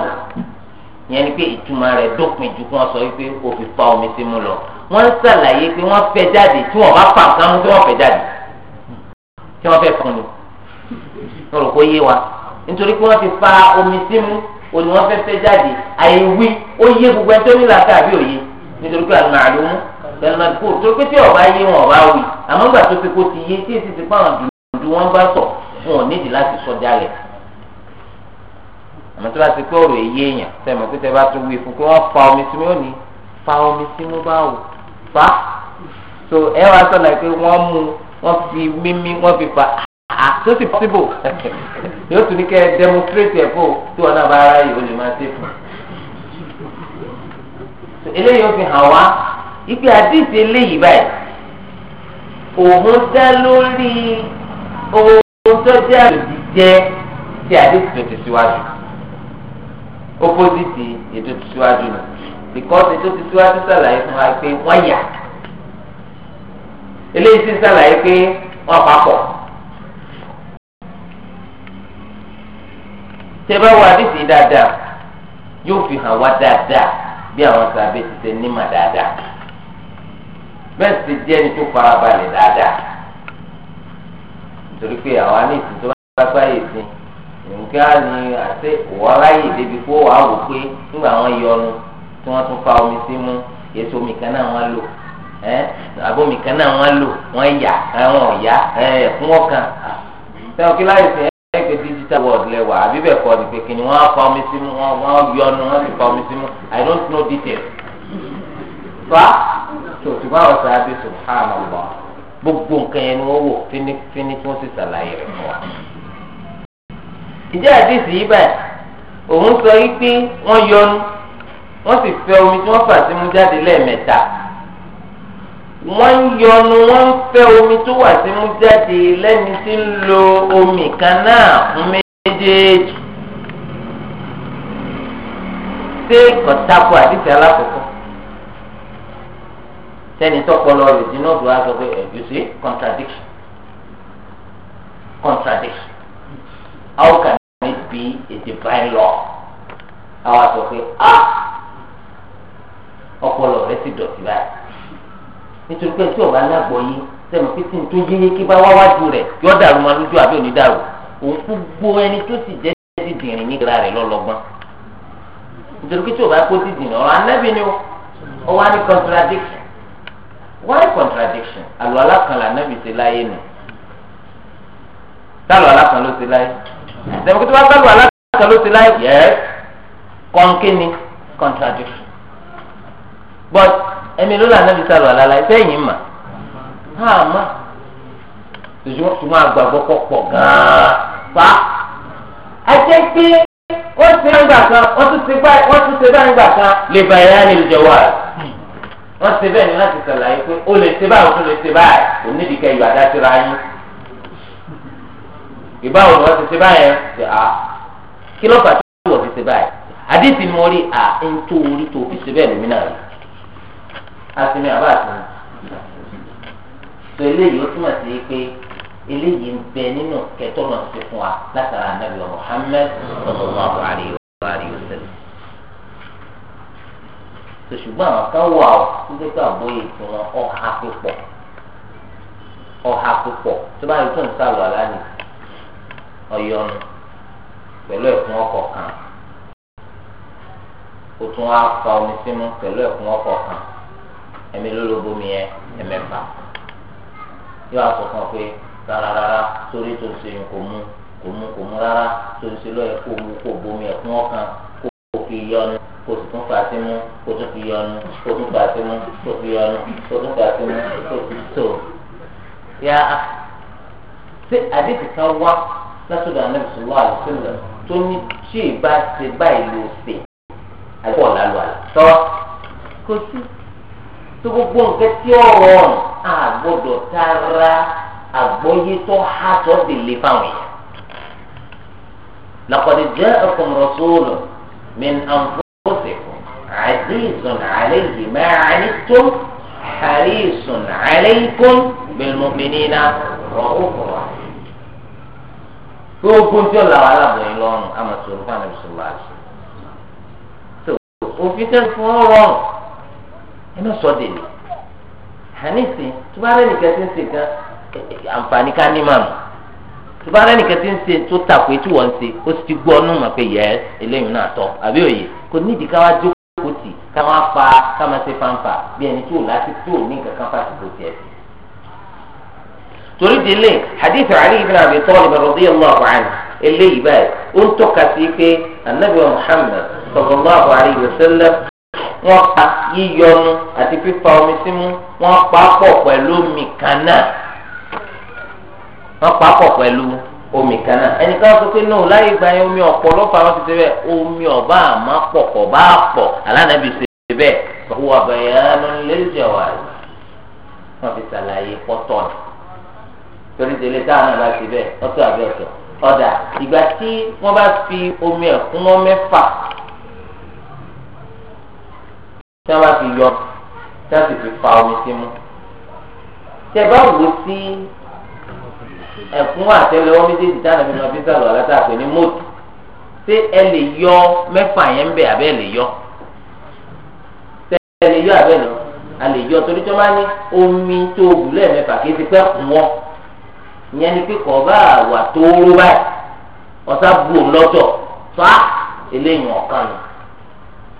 yẹn ni pé ìtumọ̀ rẹ̀ dópin ju kí wọ́n sọ wípé o fi fa omi sí mú lọ wọ́n ń ṣàlàyé pé wọ́n fẹ́ jáde tí wọ́n bá fà nǹkan mú tí wọ́n fẹ́ jáde kí wọ́n fẹ́ fún mi wọ́n rò kó yé wa nítorí pé wọ́n ti fa omi símú òní wọ́n fẹ́ fẹ́ jáde àìwí ó yé gbogbo ẹni tó ní làákà àbí òye nítorí pé àlùmọ̀ àlùmọ̀ tẹ̀lé kó tó pé tí ọba yé wọn ọba wì àmọ́ gbà tó fi kó ti yé tí èsì ti pa àwọn dùdú wọn bá sọ wọn ò nídìí láti sọ jálẹ̀ àmọ́ tó bá ti pé ọ̀rọ̀ èyí èèyàn sẹ́mi pé tẹ́ bá tún wí fún pé wọ́n fa omi símú ó ní fa omi símú báwò fa so ẹ wá sọ náà pé wọ́n mú wọ́n fi mímí wọ́n fi fa so ti possible yóò tún ní kẹ́ demonstrate ẹ̀ fún tí wọn náà bá ara yìí o lè máa ṣe fún un eléyìí ó fi hàn wá ipe àdìsí eléyìí báyìí òun dá lórí ohun tó jẹ́ àlòdì jẹ́ ti àdìsí tó ti síwájú opposite ètò ti síwájú nù because ètò ti síwájú sàlàyé fún wa pé wọ́n yà eléyìí ti sàlàyé pé wọn papọ̀. tẹ́bá wo àdìsí dáadáa yóò fi hàn wá dáadáa bí àwọn sàbẹ̀ ti ṣe nímà dáadáa bẹ́ẹ̀ sì jẹ́ ẹni tó farabalẹ̀ dáadáa nítorí pé àwọn anísìn tó bá gbáyé sí nǹkan ni àti òwáráyè débi kó wàá wò pé nígbà wọn yọnu tí wọn tún fa omi sí mú èso omi kan náà wọn lò ẹ abomi kan náà wọn lò wọn yà wọn ò fún wọn ṣé o kí láyé sẹ ẹ pé digital world lẹ àbí bẹ́ẹ̀ kọ́ ni pé kí ni wọ́n fa omi sí mu wọ́n yọ ọ́nu wọ́n sì fa omi sí mu i don't know details fa tó ṣùgbọ́n àwọn sábẹ́ subhanallah gbogbo nǹkan yẹn ni wọ́n wò fínífíní tí wọ́n sì ṣàlàyé rẹ̀ fún wa. ìjẹ́ àdìsí yìí báyìí òun sọ yìí pé wọ́n yọnu wọ́n sì fẹ́ omi tí wọ́n fà sí mu jáde lẹ́ẹ̀mẹ́ta wọ́n ń yọnu wọ́n ń fẹ́ omi tó wà sí mú jáde lẹ́ni tí ń lo omi kan náà fún méjèèjì ṣé kọ̀tàkù àdìsí alákọ̀ọ́kọ́ sẹ́ni tọ́pọ̀lọ rẹ̀ sínú ọ̀dọ̀ aṣọ pé eh, you see contradiction contradiction how can it be a divine law àwọn aṣọ pé ah ọpọlọ rẹ̀ ti dọ̀tí báyìí nítorí pé tí ọba alágbọ̀ yìí sẹ́mi pété tó yéye kí bá wáwájú rẹ̀ yọ dàrú ma lójú àbí òní dàrú òun gbogbo ẹni tó sì jẹ́ ti dìrìn nígbà rẹ̀ lọ́lọ́gbọ́n nítorí pé tí ọba kó ti dìrìn ọ̀rọ̀ anábì ni ó wá ní contradiction why contradiction àlọ́ alákànlá anábì ti láyé nù sálọ alákan ló ti láyé sẹ́mi pété wá sálọ alákan ló ti láyé yẹ́ kọ́ńkínni contradiction but ẹ̀mí ló là nàbí sálọ àlàlà ẹ̀ sẹ́yìn mà á má ṣùgbọ́n àgbàgbọ́ kọ̀ pọ̀ gan-an fa. àti pé wọ́n ti ń gbà kan wọ́n tún ti bá wọ́n tún ti bá ń gbà kan lè bá ẹ̀yà ni ìjọba rẹ̀ wọ́n ti bẹ́ẹ̀ ni láti sàlàyé pé o lè ṣe báyìí o tún lè ṣe báyìí o ní ìdíkẹ́ ìwà dásíra yín. ìbáwo ni wọ́n ti ṣe báyìí ṣe à kí ló fà tó wọ̀ ti ṣe báyìí àdìsí ni mo rí à ń tó orí tó fi ṣe bẹ́ẹ̀ lómìnà rẹ̀. asimi àbá àtúnú tó eléyìí ó túmọ̀ sí pé eléyìí ń bẹ nínú kẹtọ́ náà ti fún wa látara anabi wa Muhammad sallallahu alayhi wa wa àwọn kan wà ó tó tí ọ̀há ọ̀há tó bá yẹ sálọ ọ̀yọ́nu pẹ̀lú kan ó tún wá fa omi sínú pẹ̀lú ọkọ̀ kan. ẹ̀mí lólobó mi yẹn ẹ̀mẹ́fà yóò sọ fún ọ pé rárá rárá sórí tó ń ṣe kò mú kò mú kò mú rárá tó ṣe lọ́yẹ̀ kó mú kó bomi ẹ̀kún ọ̀kan kó fi yọnu kó sì tún fàá sí mú kó tún fi yọnu kó tún fàá sí mú kó fi yọnu kó tún fàá sí mú kó fi tó. yá ṣé àdéhùn kan wá látọ̀dọ̀ àná ìṣòwò àlùsílẹ̀ tó ní ṣé ìbá ṣe báyìí ló ṣe àìpọ̀ lálùwàlà tọ́ kò sí tó gbogbo nǹkan tí ó rọrùn á gbọ́dọ̀ tara àgbọ́yé tó há tó délé fáwọn èèyàn. لقد جاءكم رسول من أنفسكم عزيز عليه ما عنتم حريص عليكم بالمؤمنين رؤوف رحيم gbogbo tí ó la wà lábọ̀ yín lọ́rùn àmọ̀ sọ̀rọ̀ fún àmì sọ̀rọ̀ àṣẹ. tó òfin tẹ́ fún ọ rọrùn iná sọ dèlè àníṣe tó bá rẹ nìkan ti ń ṣe gan àǹfààní ká ní màmú tó bá rẹ nìkan ti ń ṣe tó tàpé tí wọ́n ń ṣe ó sì ti gbọ́ ọ́nù mọ̀ pé yẹ eléyìí náà tọ́ àbí òye kò nídìí ká wá jókòó tì ká wá fa ká máa ṣe fanfa bí ẹni tí ò láti tí ní nǹkan kan fásitì tiẹ̀ sí. torí délé hadith Ali ibn Abi Talib radiyallahu anhu eléyìí báyìí ó ń tọ́ka sí pé anabi wa Muhammad sallallahu alayhi wa sallam wọ́n pa yíyọnu àti fífa omi símú wọ́n pa pọ̀ pẹ̀lú omi kan náà wọ́n pa pọ̀ pẹ̀lú omi kan náà ẹnìkan sọ pé náà láyé gba yẹn omi ọ̀pọ̀ lọ́fà wọn ti ṣe bẹ́ẹ̀ omi ọ̀bá àmọ́ pọ̀ pọ̀ bá pọ̀ alánàbì ṣe bẹ́ẹ̀ wọ́n abẹ́yẹ lẹ́lẹ́dẹ̀ wà wọ́n fi ṣàlàyé pọ́tọ́ ni torí tẹ̀lé táwọn náà bá ṣe bẹ́ẹ̀ ọ̀tọ̀ àbẹ́ ọ̀tọ̀ ọ̀dà ìgbà tí wọ́n bá fi omi ẹ̀kún tí wọn bá fi yọ tí wọn sì fi fa omi sí mu tẹ bá wò sí ẹkún àtẹ́lẹwọ́ méjèèjì táwọn ẹni wọn fi sàlọ alátàpẹ ní mọtò ṣé ẹ lè yọ mẹ́fà yẹn bẹ abẹ lè yọ ṣé ẹ lè yọ abẹ lọ a lè yọ torí tí wọn ní omi tó o bù lẹ́ẹ̀mẹ́fà kì í ti pẹ́ kún wọn ìyẹn ni pé kò bá wà tó báyìí ọ̀sá bu òun lọ́tọ̀ fa eléyìí ọ̀kan nù.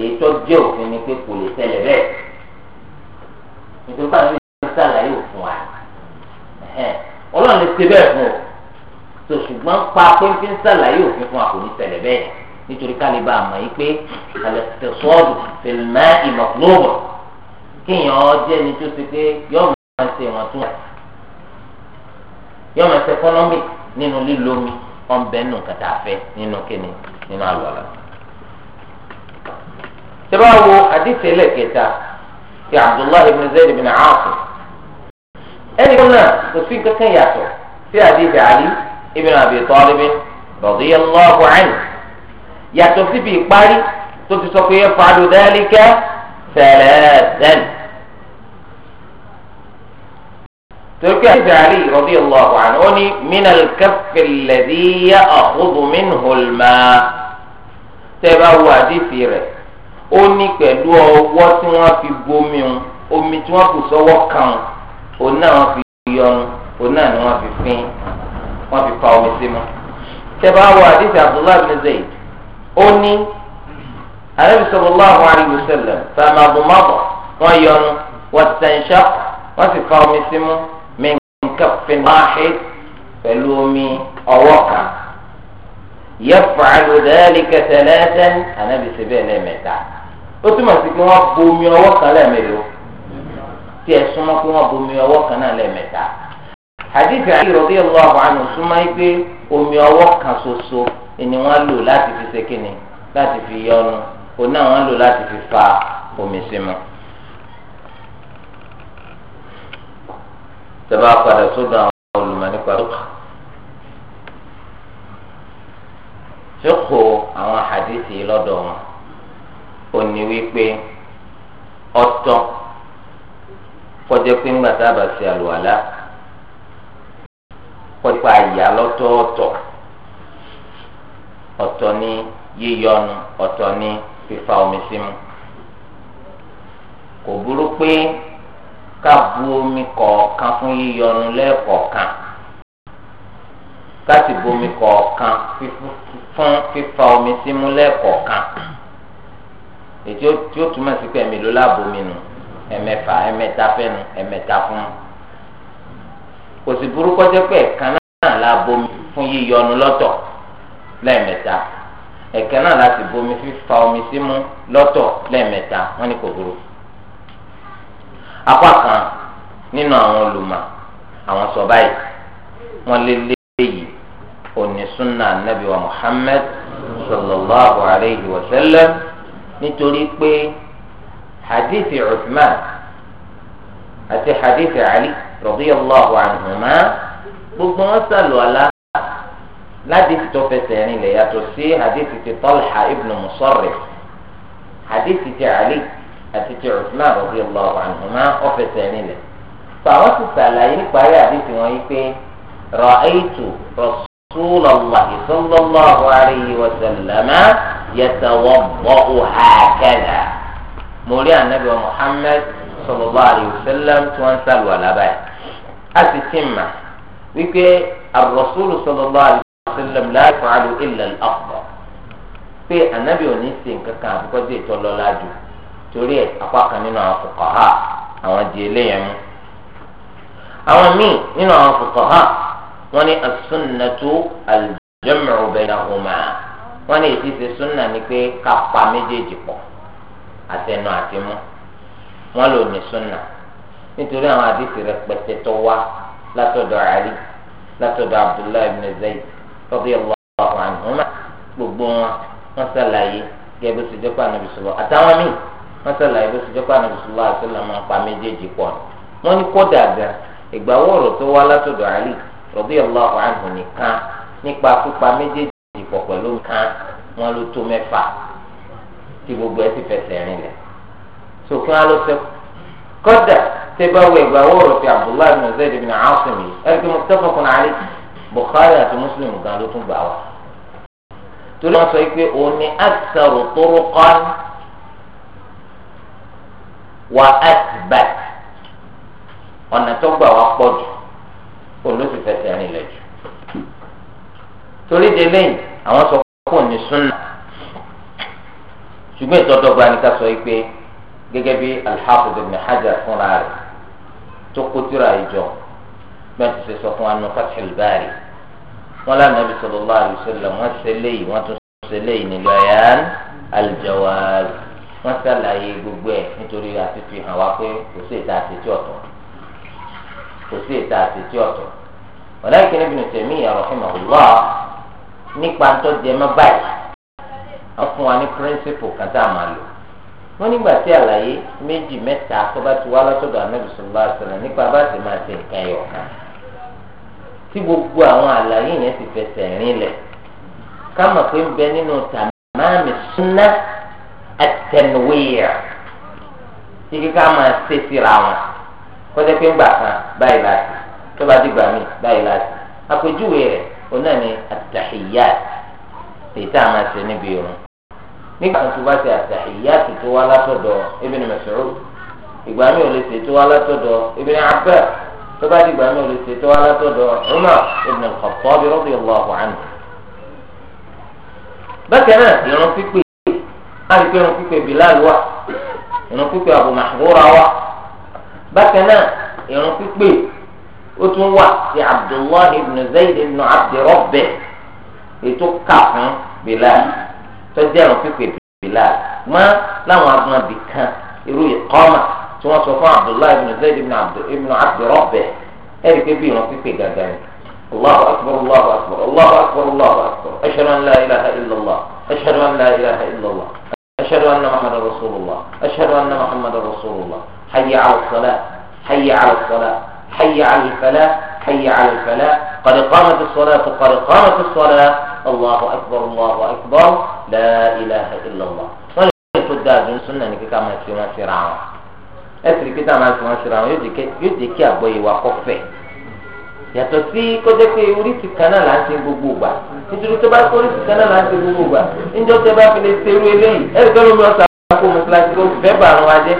èyí tó jẹ́ òfin ni pé kò lè tẹ̀lé bẹ́ẹ̀ nítorí pàṣẹ ìjọba ṣàlàyé òfin wa ọlọ́run lè ṣe bẹ́ẹ̀ fún o tó ṣùgbọ́n pa pínpín ṣàlàyé òfin fún wa kò ní tẹ̀lé bẹ́ẹ̀ nítorí ká lè bá a mọ̀ yí pé àlẹ́sẹ̀sọ́ọ̀dù fèlìmẹ́ ìmọ̀kúlóòbọ̀ kéèyàn jẹ́ ni tó ṣe pé yọ́ọ̀ máa ṣe wọn tún yọ́ọ̀ máa ṣe economic nínú lílo omi ọ̀nbẹ́nu kàtàfẹ́ nínú kíni nínú àlọ́ àlọ́. تباو حديث لك في عبد الله بن زيد بن عاصم أنا قلنا وسفين كتن ياسو في حديث علي ابن أبي طالب رضي الله عنه ياسو في بيقباري تنتي سوكي يفعل ذلك ثلاثا تركي حديث علي رضي الله عنه من الكف الذي يأخذ منه الماء تباو حديث لك ó ní pẹ̀lú ọwọ́ tí wọ́n fi bomi un omi tí wọ́n fi sọ́wọ́ kàn un òun náà wọ́n fi yọrun òun náà ni wọ́n fi fín wọ́n fi pa omi sí mu. tẹ́bá wọ àdìsí Abdullahi bin Zayd ó ní Ànábì sallallahu alaihi wasallam fàmàbùmàbọ̀ wọ́n yọrun wọ́n tẹ̀sán wọ́n sì fa omi sí mu min kaffin wahid pẹ̀lú omi ọwọ́ kan yaf'alu dhalika thalathan Ànábì ṣe bẹ́ẹ̀ lẹ́ẹ̀mẹ́ta ó túmọ̀ sí pé wọ́n bomi ọwọ́ kan lẹ́ẹ̀mẹ́lò tí ẹ súnmọ́ pé wọ́n bomi ọwọ́ kan náà lẹ́ẹ̀mẹ́ta hadith Ali radiyallahu anhu súnmọ́ yìí pé omi ọwọ́ kan ṣoṣo ni wọ́n lò láti fi ṣe kíni láti fi yọnu òun náà wọ́n lò láti fi fa omi sí mu. padà sódò àwọn olùmọ̀ nípa lókà. ṣé àwọn hadith yìí lọ́dọ̀ wọn òní wípé ọ̀tọ̀ kọjá pé ńgbà tá a bá ṣe àlùwàlá pípa àyà lọ́tọ̀ọ̀tọ̀ ọ̀tọ̀ ní yíyọnu ọ̀tọ̀ ní fífa omi símú kò burú pé ká bu omi kọ̀ọ̀kan fún yíyọnu lẹ́ẹ̀kọ̀ọ̀kan ká sì bu omi kọ̀ọ̀kan fún fífa omi símú lẹ́ẹ̀kọ̀ọ̀kan ètò tí ó túmọ̀ sí pé ẹ̀mí ló láàbò mi nù ẹ̀mẹ̀fà ẹ̀mẹta fẹ́nu ẹ̀mẹta fún un kò sì burú kọ́jẹ́ pé ẹ̀kan náà la bomi fún yíyọnu lọ́tọ̀ lẹ́ẹ̀mẹta ẹ̀kan náà la sì bomi fífa omi símú lọ́tọ̀ lẹ́ẹ̀mẹta wọ́n ní kò burú. apá kan nínú àwọn olùmọ̀ àwọn sọ báyìí wọ́n lé léyìí òní sunna anabi wa muhammad sallallahu alayhi wa sallam nítorí pé hadithi Uthman àti hadithi Ali radiyallahu anhuma gbogbo wọn sàlù àlá láti tó fẹsẹ̀ rìn lẹ̀ yàtọ̀ sí hadithi ti Talha ibn Musarrif hadithi ti Ali àti ti Uthman radiyallahu anhuma ó fẹsẹ̀ rìn lẹ̀ fàwọn sì sàlàyé níparí hadithi wọn yìí pé ra'aytu rasulallah sallallahu alayhi wa sallam yatawadda'u hakadha mo rí anabi wa muhammed sallallahu alayhi wa sallam tí wọ́n ń sálù àlábà yìí a sì ti mà wípé ar-rasulu sallallahu alayhi wa sallam la yaf'alu illa al-afdal pé anabi ò ní ṣe nǹkan kan àbúkọ́ dé ìtọ́lọ́lá jù torí ẹ̀ apá nínú àwọn fuqaha àwọn di eléyẹn mú àwọn míì nínú àwọn fuqaha wọ́n ní as-sunnatu al-jam'u baynahuma wọ́n lè ti ṣe súnà ni pé ká pa méjèèjì pọ̀ àtẹnu àti mú wọ́n lò ní súnà nítorí àwọn àdìsí rẹpẹtẹ tó wá látọ̀dọ̀ àárí látọ̀dọ̀ abdullahi ibn zayd radiyallahu anhuma gbogbo wọn wọ́n ṣàlàyé gẹ́gẹ́ bó ṣe jẹ́ pé ànábì sallallahu àtàwọn míì wọ́n ṣàlàyé bó ṣe jẹ́ pé ànábì sallallahu àti sọlọ méjèèjì pọ̀ wọ́n ní kódà gan ìgbà wọ̀rọ̀ tó wá látọ̀dọ̀ àárí radiyallahu anhu nìkan nípa pípa méjèèjì ìpọ̀ pẹ̀lú nǹkan wọn ló tó mẹ́fà tí gbogbo ẹ ti fẹsẹ̀ rìn lẹ̀ sókè wọn ló sẹ́kù kọ́dà tẹ bá wọ ẹgbà wọ́ọ̀rọ̀ fi abdullahi bin zayd bin asim yìí ẹgbẹ́ muttafaqun alayhi bukhari àti muslim gan ló tún gbà wá. torí wọn sọ pé òun ni aktharu turuqan wa athbat ọ̀nà tó gbà wá pọ̀ jù òun ló sì fẹsẹ̀ rìn lẹ̀ jù torí de lẹ́yìn àwọn sọ kó ní súnà ṣùgbọ́n ìtọ́dọ̀gba ni ká sọ yìí pé gẹ́gẹ́ bí al-Hafiz ibn Hajar fúnra rẹ̀ tó kó tírà ìjọ bẹ́ẹ̀ ti ṣe sọ fún anu Fathul Bari wọn lànà Nabi sallallahu alaihi wasallam wọn ṣe léyìí wọn tún ṣe léyìí ní bayan al wọn ṣàlàyé gbogbo ẹ̀ nítorí àti fi hàn wá pé kò sí ìta àti ọ̀tọ̀ kò sí ìta àti tí ọ̀tọ̀ walakin Ibn Taymiyyah rahimahullah. nípa tó jẹ mọ́ báyìí wọ́n fún wa ní píríncípù kátà máa lò wọ́n nígbà tí àlàyé méjì mẹ́ta tó bá ti wá nípa bá ti máa ṣe nǹkan ẹyọ kan tí gbogbo àwọn àlàyé yẹn ti fẹsẹ̀ rinlẹ̀ ká mọ̀ pé ń bẹ nínú tàmáàmì súnná àtẹnuwéyà tí kíkà máa ṣe síra wọn kọ́jọ́ pé ń gbà kan báyìí láti tó bá báyìí láti àpèjúwe rẹ̀ náà ni èyí tá a máa ṣe níbi irun nígbà tó bá ṣe àtàhìyáàt tó wá látọ̀dọ̀ Ibn Mas'ud ìgbà mi ò lè ṣe tó wá látọ̀dọ̀ Ibn Abbas tó bá di ìgbà mi ò lè ṣe tó wá látọ̀dọ̀ Umar ibn al-Khattab bákan náà irun pípé irun pípé Bilal irun pípé Abu ó tún wà sí abdullahi ibn zayd ibn abdirọ́bẹ̀ ètò kàfún bilal tọ́jú ẹ̀rọ pípé bilal mọ́ láwọn agbọ̀nbí kan irú ìkọ́mà tí wọ́n sọ fún abdullahi ibn zayd ibn abdirọ́bẹ̀ ẹ̀rí pé bí ìrún pípé gàgà الله أكبر الله أكبر الله أكبر الله أكبر أشهد أن لا إله إلا الله أشهد أن لا إله إلا الله أشهد أن محمد رسول الله أشهد أن محمد رسول الله حي على الصلاة حي على الصلاة حي على الفلاح حي على الفلاح قد قامت الصلاة قد قامت الصلاة الله أكبر الله أكبر لا إله إلا الله wọ́n lè tó dáa dùn súnà ní kíkà máa fi wọn síra wọn ẹsì rí kíkà máa fi wọn síra wọn yóò jẹ́ kí àgbọ̀yé wa kọ́ fẹ̀ yàtọ̀ sí kọjá pé oríṣi kan náà là ń ṣe gbogbo ìgbà nítorí tó bá kó oríṣi kan náà là ń ṣe gbogbo ìgbà níjọ́ tó bá fi lè ṣerú eléyìí ẹ̀rí kọ́ ló ń lọ sàkóso mọ́tíláṣí ló fẹ́ bàrún wa jẹ́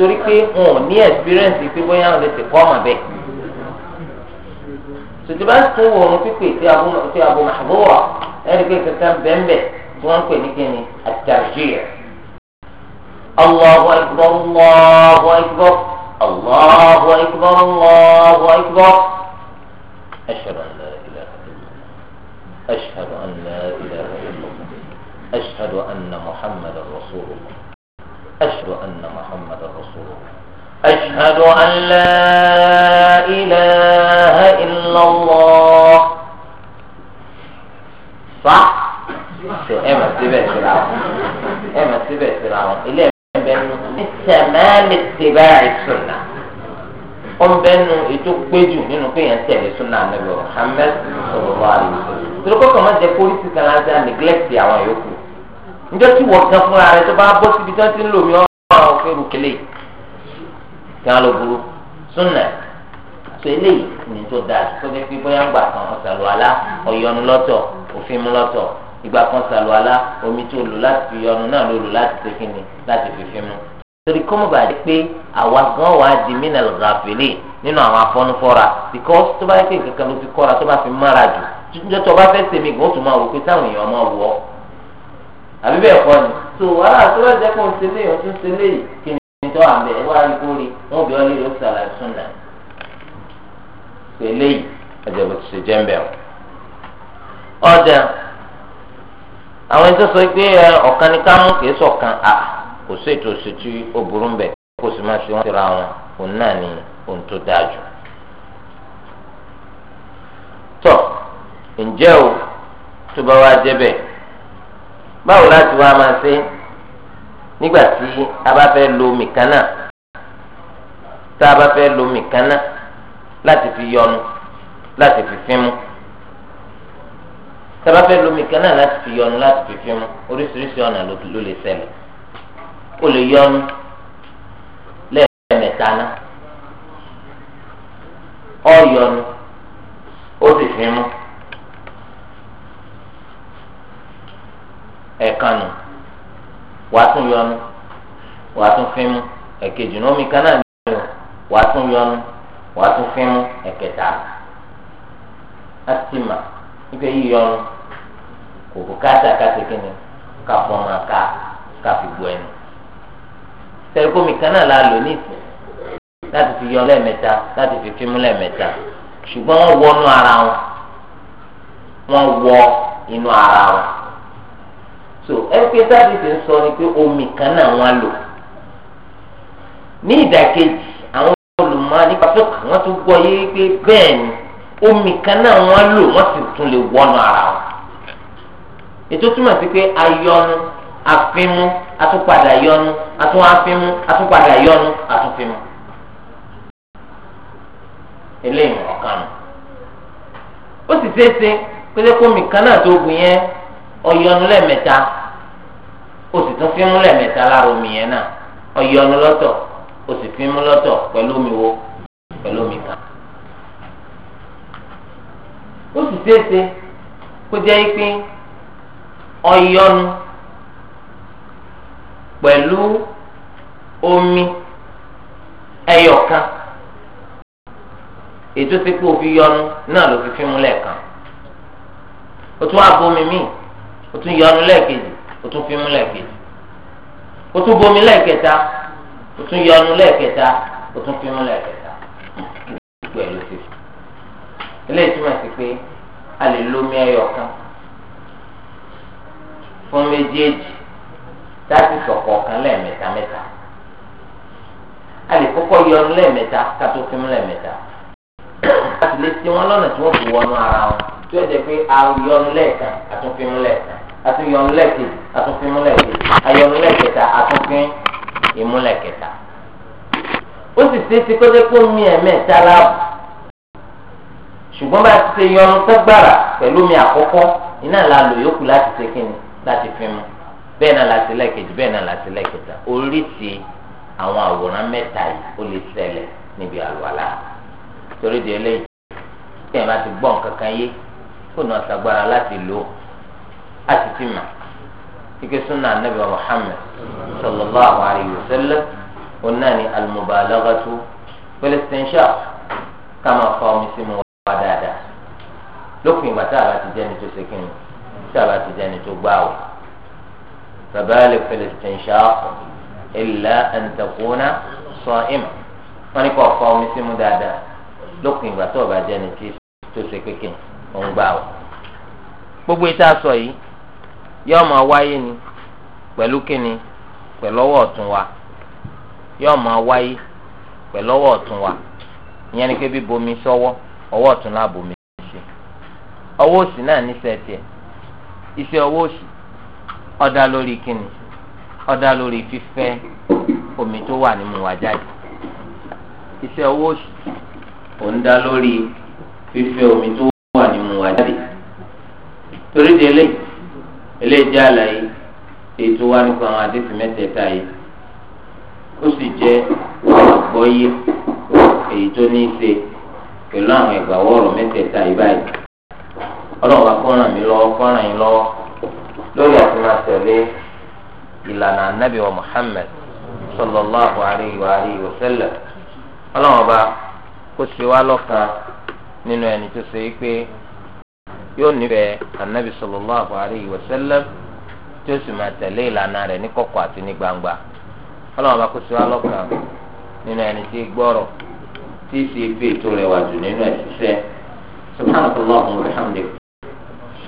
nítorí pé wọn ò ní ẹ̀sipírẹ́ǹsì pé bóyá wọn lè ti kọ́ ọmọ bẹ́ẹ̀. tòtìbá tún wọ ohun pípé tí abu mahbura ẹni pé kankan bẹ́ẹ̀nbẹ́ tí wọ́n ń pè ní kíni àtàrjíyà. Allahu akbar Allahu akbar Allahu akbar Allahu akbar. ashhadu an la ilaha illallah ashhadu an la ilaha illallah ashhadu anna muhammadan ẹ̀ أشهد أن محمد رسول الله أشهد أن لا إله إلا الله صح؟ إما إيه اتباع فرعون إما إيه اتباع فرعون اللي بينه التمام اتباع السنة قم بينه يتوكدوا منه في أن تهي السنة النبي محمد صلى الله عليه وسلم تلقوا كما تقولوا تتنازل نجلس يا ويوكو njẹ́ tí wọ́n gan fúnra rẹ̀ tó bá bọ́ síbi tí wọ́n ti ń lò mí ọ̀rọ̀ òfin kele gan ló burú súnà tó eléyìí ní tó dáa tó fẹ́ fi bóyá ń gbà kan ọ̀sàlù alá ọ̀yọ́nu lọ́tọ̀ òfin mú lọ́tọ̀ ìgbà kan sàlù alá omi tó lò láti fi yọnu náà ló lò láti ṣe kíni láti fi fi mú torí kọ́mọ̀ bá dé pé àwa gan wàá di mínà gàfẹ́lẹ́ nínú àwọn afọ́nufọ́ra because tó bá yẹ kí nǹkan kan ló fi kọ́ra tó bá fi mára jù tó bá fẹ́ sèmi gan ó tún máa wò pé táwọn èèyàn máa wọ̀ ọ́ àbí bẹ́ẹ̀ kọ́ ni so wàhálà tó bá jẹ́ kó ń ṣe léyìn ń kí ni tó wà bẹ́ẹ̀ wá rí wọn bí wọn lè lọ sàlàyé súnà pẹ̀lẹ́ yìí ẹ̀jẹ̀ bó ti ṣe jẹ́ ń bẹ̀ wọn. ọ̀dà àwọn ẹni sọ pé ọ̀kan ni ká mú kìí sọ̀kan à kò ni tó dáa jù. tọ́ ǹjẹ́ o tó báwo láti wá máa ṣe nígbà tí a bá fẹ́ lo mìkánná tá a bá fẹ́ lo mìkánná láti fi yọnu láti fi fímú tá a bá fẹ́ lo mìkánná láti fi yọnu láti fi fímú oríṣiríṣi ọ̀nà ló lè ṣẹlẹ̀ ó lè yọnu lẹ́ẹ̀mẹ́ta ná ó yọnu ó sì fímú. ẹ̀ẹ̀kan nù yọnu wàá tún ẹ̀kejì náà omi kan náà ní ìlú wàá tún yọnu wàá tún fín ka ẹ̀kẹta láti fi bu ẹnu tẹlifómi kan la ní ìsìn fi yọ lẹ́ẹ̀mẹ́ta láti fi ṣùgbọ́n ara wọn wọ́n wọ inú ara wọn. so ẹgbẹ́ sábìsì ń sọ ni pé omi kan náà wọ́n á lò ní ìdàkejì àwọn olùmọ̀ nípa tó kà wọ́n tún gbọ́ yé pé bẹ́ẹ̀ ni omi kan náà wọ́n á lò wọ́n sì tún lè wọ́nu ara wọn ètò túmọ̀ sí pé ayọnu àfimú atúpadà yọnu atún àfimú atúpadà yọnu àtúnfimú eléyìí ọ̀kan nù ó sì ṣeé ṣe pé lẹ́kọ̀ọ́ mi kan náà tó gùn yẹn ọ̀yọ́nu lẹ́ẹ̀mẹ́ta o sì tún fi mú lẹ́ẹ̀mẹ́ta lára omi yẹn náà ọ̀yọ́nu lọ́tọ̀ o sì fi mú lọ́tọ̀ pẹ̀lú omi wo pẹ̀lú omi kan. ó sì ṣeéṣe kó jẹ́ pé ọ̀yọ́nu pẹ̀lú omi ẹyọkan ètò tí kò fi yọnu náà ló fi fi mú lẹ́ẹ̀kan o tún wá bomi míì o tún yọnu lẹ́ẹ̀kejì o tún fi mú lẹ́ẹ̀kejì o tún bomi lẹ́ẹ̀kẹta o tún yọnu lẹ́ẹ̀kẹta o tún fi mú lẹ́ẹ̀kẹta pẹ̀lú fífi eléyìí túmọ̀ sí pé a lè lómi ẹyọ kan fún méjèèjì láti sọ̀kọ̀ kan lẹ́ẹ̀mẹ́ta mẹ́ta a lè kọ́kọ́ yọnu lẹ́ẹ̀mẹ́ta ká tó fi mú lẹ́ẹ̀mẹ́ta a sì lè ti wọn lọ́nà tí wọ́n fi wọnú ara wọn tí ó jẹ́ pé a yọnu lẹ́ẹ̀kan àtúnfimú lẹ́ẹ̀kan àtúnyọ̀nulẹ̀kejì àtúnfimúlẹ̀kejì ayọ̀nulẹ̀kẹta àtúnfin ìmúlẹ̀kẹta. ó sì ṣe é ti kọ́jọ́ pé omi ẹ̀mẹ́ta láàbù ṣùgbọ́n bá ti ṣe yọnu tẹ́gbàrà pẹ̀lú omi àkọ́kọ́ iná la lò yókù láti ṣe kíni láti fi mu bẹ́ẹ̀ náà láti lẹ́kẹ̀jì bẹ́ẹ̀ náà láti lẹ́kẹ̀ta oríṣi àwọn àwòrán mẹ́ta yìí ó lè ṣẹlẹ̀ níbi àlùwàlá torí di eléyìí kí ẹ̀ máa ti gbọ́ nǹkan yé kó náà ṣàgbára láti lò ó a sì ti mà ike sunna anabi wa muhammed sallallahu alayhi wa sallam òun náà ni almubalagatu palestinian ká máa fa omi sí mu wá dáadáa lópin ìgbà tá a bá ti jẹ́ ni tó ṣe kí ni tá a bá ti jẹ́ ni tó gbá o fabali palestinian illa an takuna sa'ima wọn ni kò fa omi sí mu dáadáa lópin ìgbà tó o bá jẹ́ ni tó ṣe pé kí ni òun gbá o gbogbo ìta sọ yìí. yóò máa wáyé ni pẹ̀lú kíni pẹ̀lú ọwọ́ ọ̀tún wa yóò máa wáyé pẹ̀lú ọwọ́ ọ̀tún wa ìyẹn ni pé bomi sọ́wọ́ ọwọ́ ọ̀tún la bomi sí ọwọ́ òsì náà níṣẹ́ tiẹ̀ iṣẹ́ ọwọ́ òsì lórí kíni omi tó wa jáde iṣẹ́ ọwọ́ òsì eléyìí jẹ́ àlàyé ètò wa nípa àwọn àdéhùn mẹ́tẹ̀ẹ̀ta yìí ó sì jẹ́ àgbọ́yé èyí tó ní í ṣe pẹ̀lú àwọn ìgbàwọ́ mẹ́tẹ̀ẹ̀ta yìí báyìí ọlọ́run wa mí lọ́wọ́ kọ́ yín lọ́wọ́ lórí àti máa tẹ̀lé ìlànà kó ṣe wá yóò nífẹ̀ẹ́ anabi sallallahu alayhi wa sallam tí ó sì máa tẹ̀lé ìlànà rẹ̀ ní kọ̀kọ̀ àti ní gbangba ọlọ́run bá kó sí wa lọ́kàn nínú ẹni tí gbọ́rọ̀ tí í ṣe bí ètò rẹ̀ wà jù nínú ẹ̀ ṣiṣẹ́ subhanallahu wa bihamdihi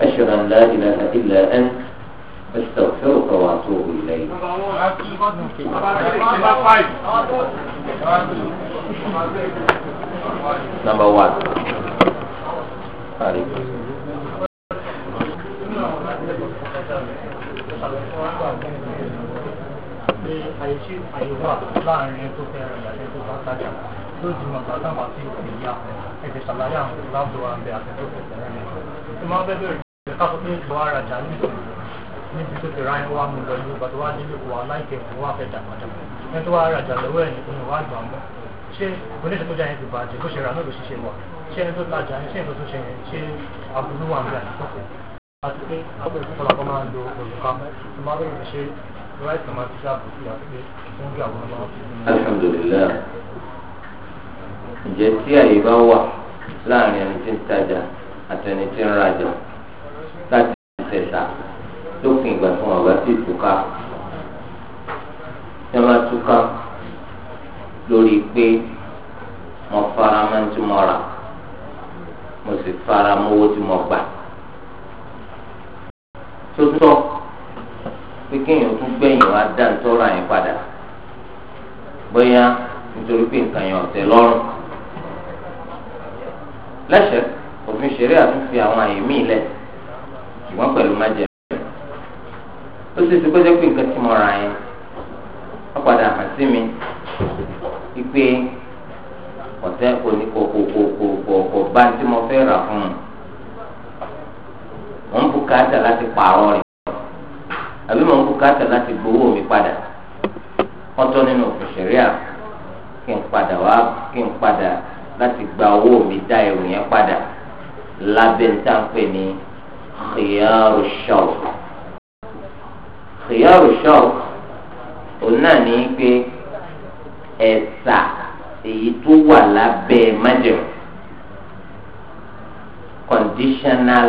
ashhadu an la ilaha illa anta استغفرك واتوب اليك number one níbi tó ti ra ẹ wá mú lọ ní ìgbà tó wá nílé kó wá láìpẹ́ kó wá fẹ́ dàgbàdà ẹ tó wá rajà lọ́wọ́ ẹ̀ nìkan wá gbà mọ́ ṣé oníṣẹ́ tó jáde ti bàjẹ́ bó ṣe rà náà ló ṣiṣẹ́ wà ṣé ẹni tó tajà ẹ ṣé ẹni tó ṣe yẹn ṣé àbúrò wà ń bẹ àti sọ́kọ̀ọ́ àti pé ọ̀pọ̀ ìfúnpọ̀ làkọ́ máa ń lo òrùka tó máa bẹ̀rẹ̀ fi ṣe láìsí máa ti dáàbò sí àti pé fún bí àwọn ọmọ. ǹjẹ́ tí àyè bá wà láàrin ẹni tí ń tajà àti ẹni tí ń rajà láti ṣẹ̀ṣà lópin ìgbà tí wọn bá sì túká tí túká lórí pé mo fara mọ́ tí mo rà mo sì fara mọ́ tí mo gbà. tó tọ́ pé kéèyàn tún gbẹ̀yìn wá dá ìtọ́ra yẹn padà bóyá nítorí pé nǹkan yẹn ọ̀tẹ̀ lọ́rùn lẹ́sẹ̀ òfin ṣeré àtúnfi àwọn àyè lẹ̀ ṣùgbọ́n pẹ̀lú ó sì ti kọjá pé nǹkan tí mo mò ń bùkátà láti pààrọ̀ rẹ̀ àbí mò ń bùkátà láti gbowó mi padà ọ̀tọ̀ nínú òṣèré à kí n padà wá kí n padà láti gba owó mi dá ẹrù yẹn padà lábẹ́ níta ń pè ní khiyaru shawk khiyaru shawk òun náà ní pé ẹ̀sà èyí tó wà lábẹ́ májèm conditional.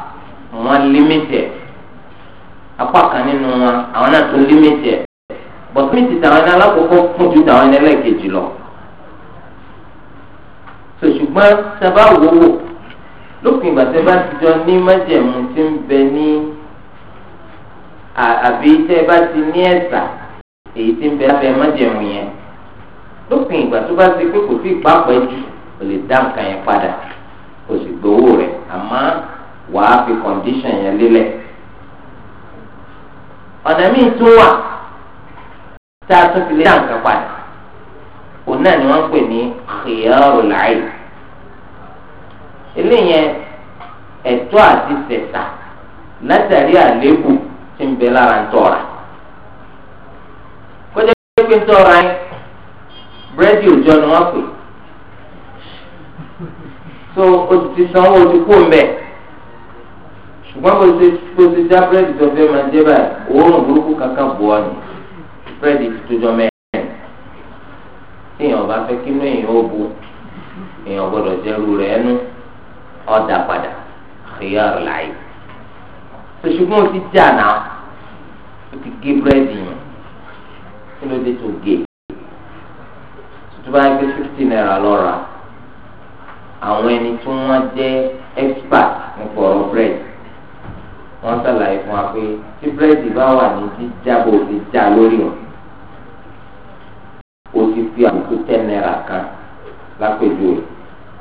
wọ́n límítì apá kan nínú wọn àwọn náà tún límítì ẹ̀ tàwọn ẹni alákòókò fún ju tàwọn ẹni ẹlẹ́ẹ̀kejì lọ. sòṣùgbọ́n sábà wòwò lópin ìgbà tẹ́ bá ti jọ ní májẹ̀mú tí ń bẹ ní àbí tẹ́ bá ti ní ẹ̀sà èyí tí ń bẹ lábẹ́ májẹ̀mú yẹn lópin ìgbà tó bá ti pé kò sí ìpápẹ́ jù ò lè wàá fi condition yẹn lélẹ̀ ọ̀nà míì tún wà tá a tún fi lé dáǹkà padà òun náà ni wọ́n ń pè ní khiyarul ayn eléyẹn ẹ̀tọ́ àti sẹ̀ta látàrí àléébù tí ń bẹ lára ń tọ́ra kọjá pé ń tọ́ra yẹn búrẹ́dì òjọ ni wọ́n pè so o ti sanwó o ti kú mbẹ́ ṣùgbọ́n bó ṣe bó ṣe já búrẹ́dì tó fẹ́ máa jẹ́ báyìí òórùn burúkú kankan bò ọ́ ni búrẹ́dì tó jọ mẹ́rin tí èèyàn bá fẹ́ kínú èèyàn ó bu èèyàn gbọ́dọ̀ jẹ́rú rẹ̀ ẹnu ọ̀dà padà khiyar láàyè ṣùgbọ́n ó ti jà náà ó ti gé búrẹ́dì yẹn kí ló dé tó gé tuntun bá gbé fifty naira lọ́ra àwọn ẹni tí wọ́n jẹ́ expert nípa ọ̀rọ̀ búrẹ́dì wọ́n ṣàlàyé fún wa pé tí búrẹ́dì bá wà ní jíjábọ̀ ti já lórí wọn o ti fi àbùkù ten naira kan lápèjúwe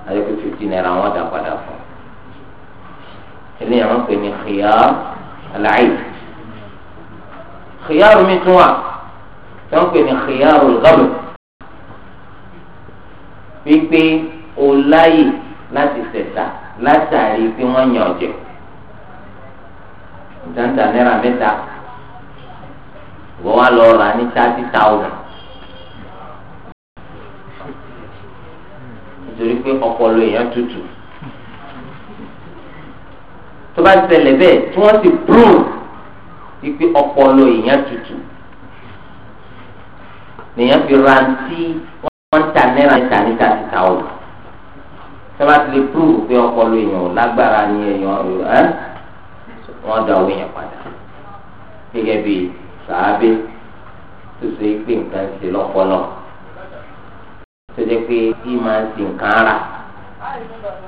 ayọ́kẹ́ fifty naira wọ́n dá padà fún un eléyà wọ́n pè ní xiyar alaayid xiyar mi tún wà wọ́n pè ní xiyar olùkọ́bù wípé o láyè láti ṣẹ̀ṣà látàrí pé wọ́n yàn jẹ́ ìtàǹtà náírà mẹ́ta ìwọ wa lọ rà ní thirty thousand. nítorí pé ọpọlọ èèyàn tutù tó bá ṣẹlẹ̀ bẹ́ẹ̀ tí wọ́n ti prove wípé ọpọlọ èèyàn tutù nìyẹn fi rántí wọ́n ta náírà níta níta níta ọ̀rọ̀ tó bá ti lè prove pé ọpọlọ èèyàn lágbára ni èèyàn ọ̀rọ̀ ẹ́ wọ́n da owó yẹn padà gẹ́gẹ́ bí sàábé tó ṣe pé nǹkan ṣe lọ́pọlọ tó jẹ́ pé kí máa ń ṣe nǹkan ara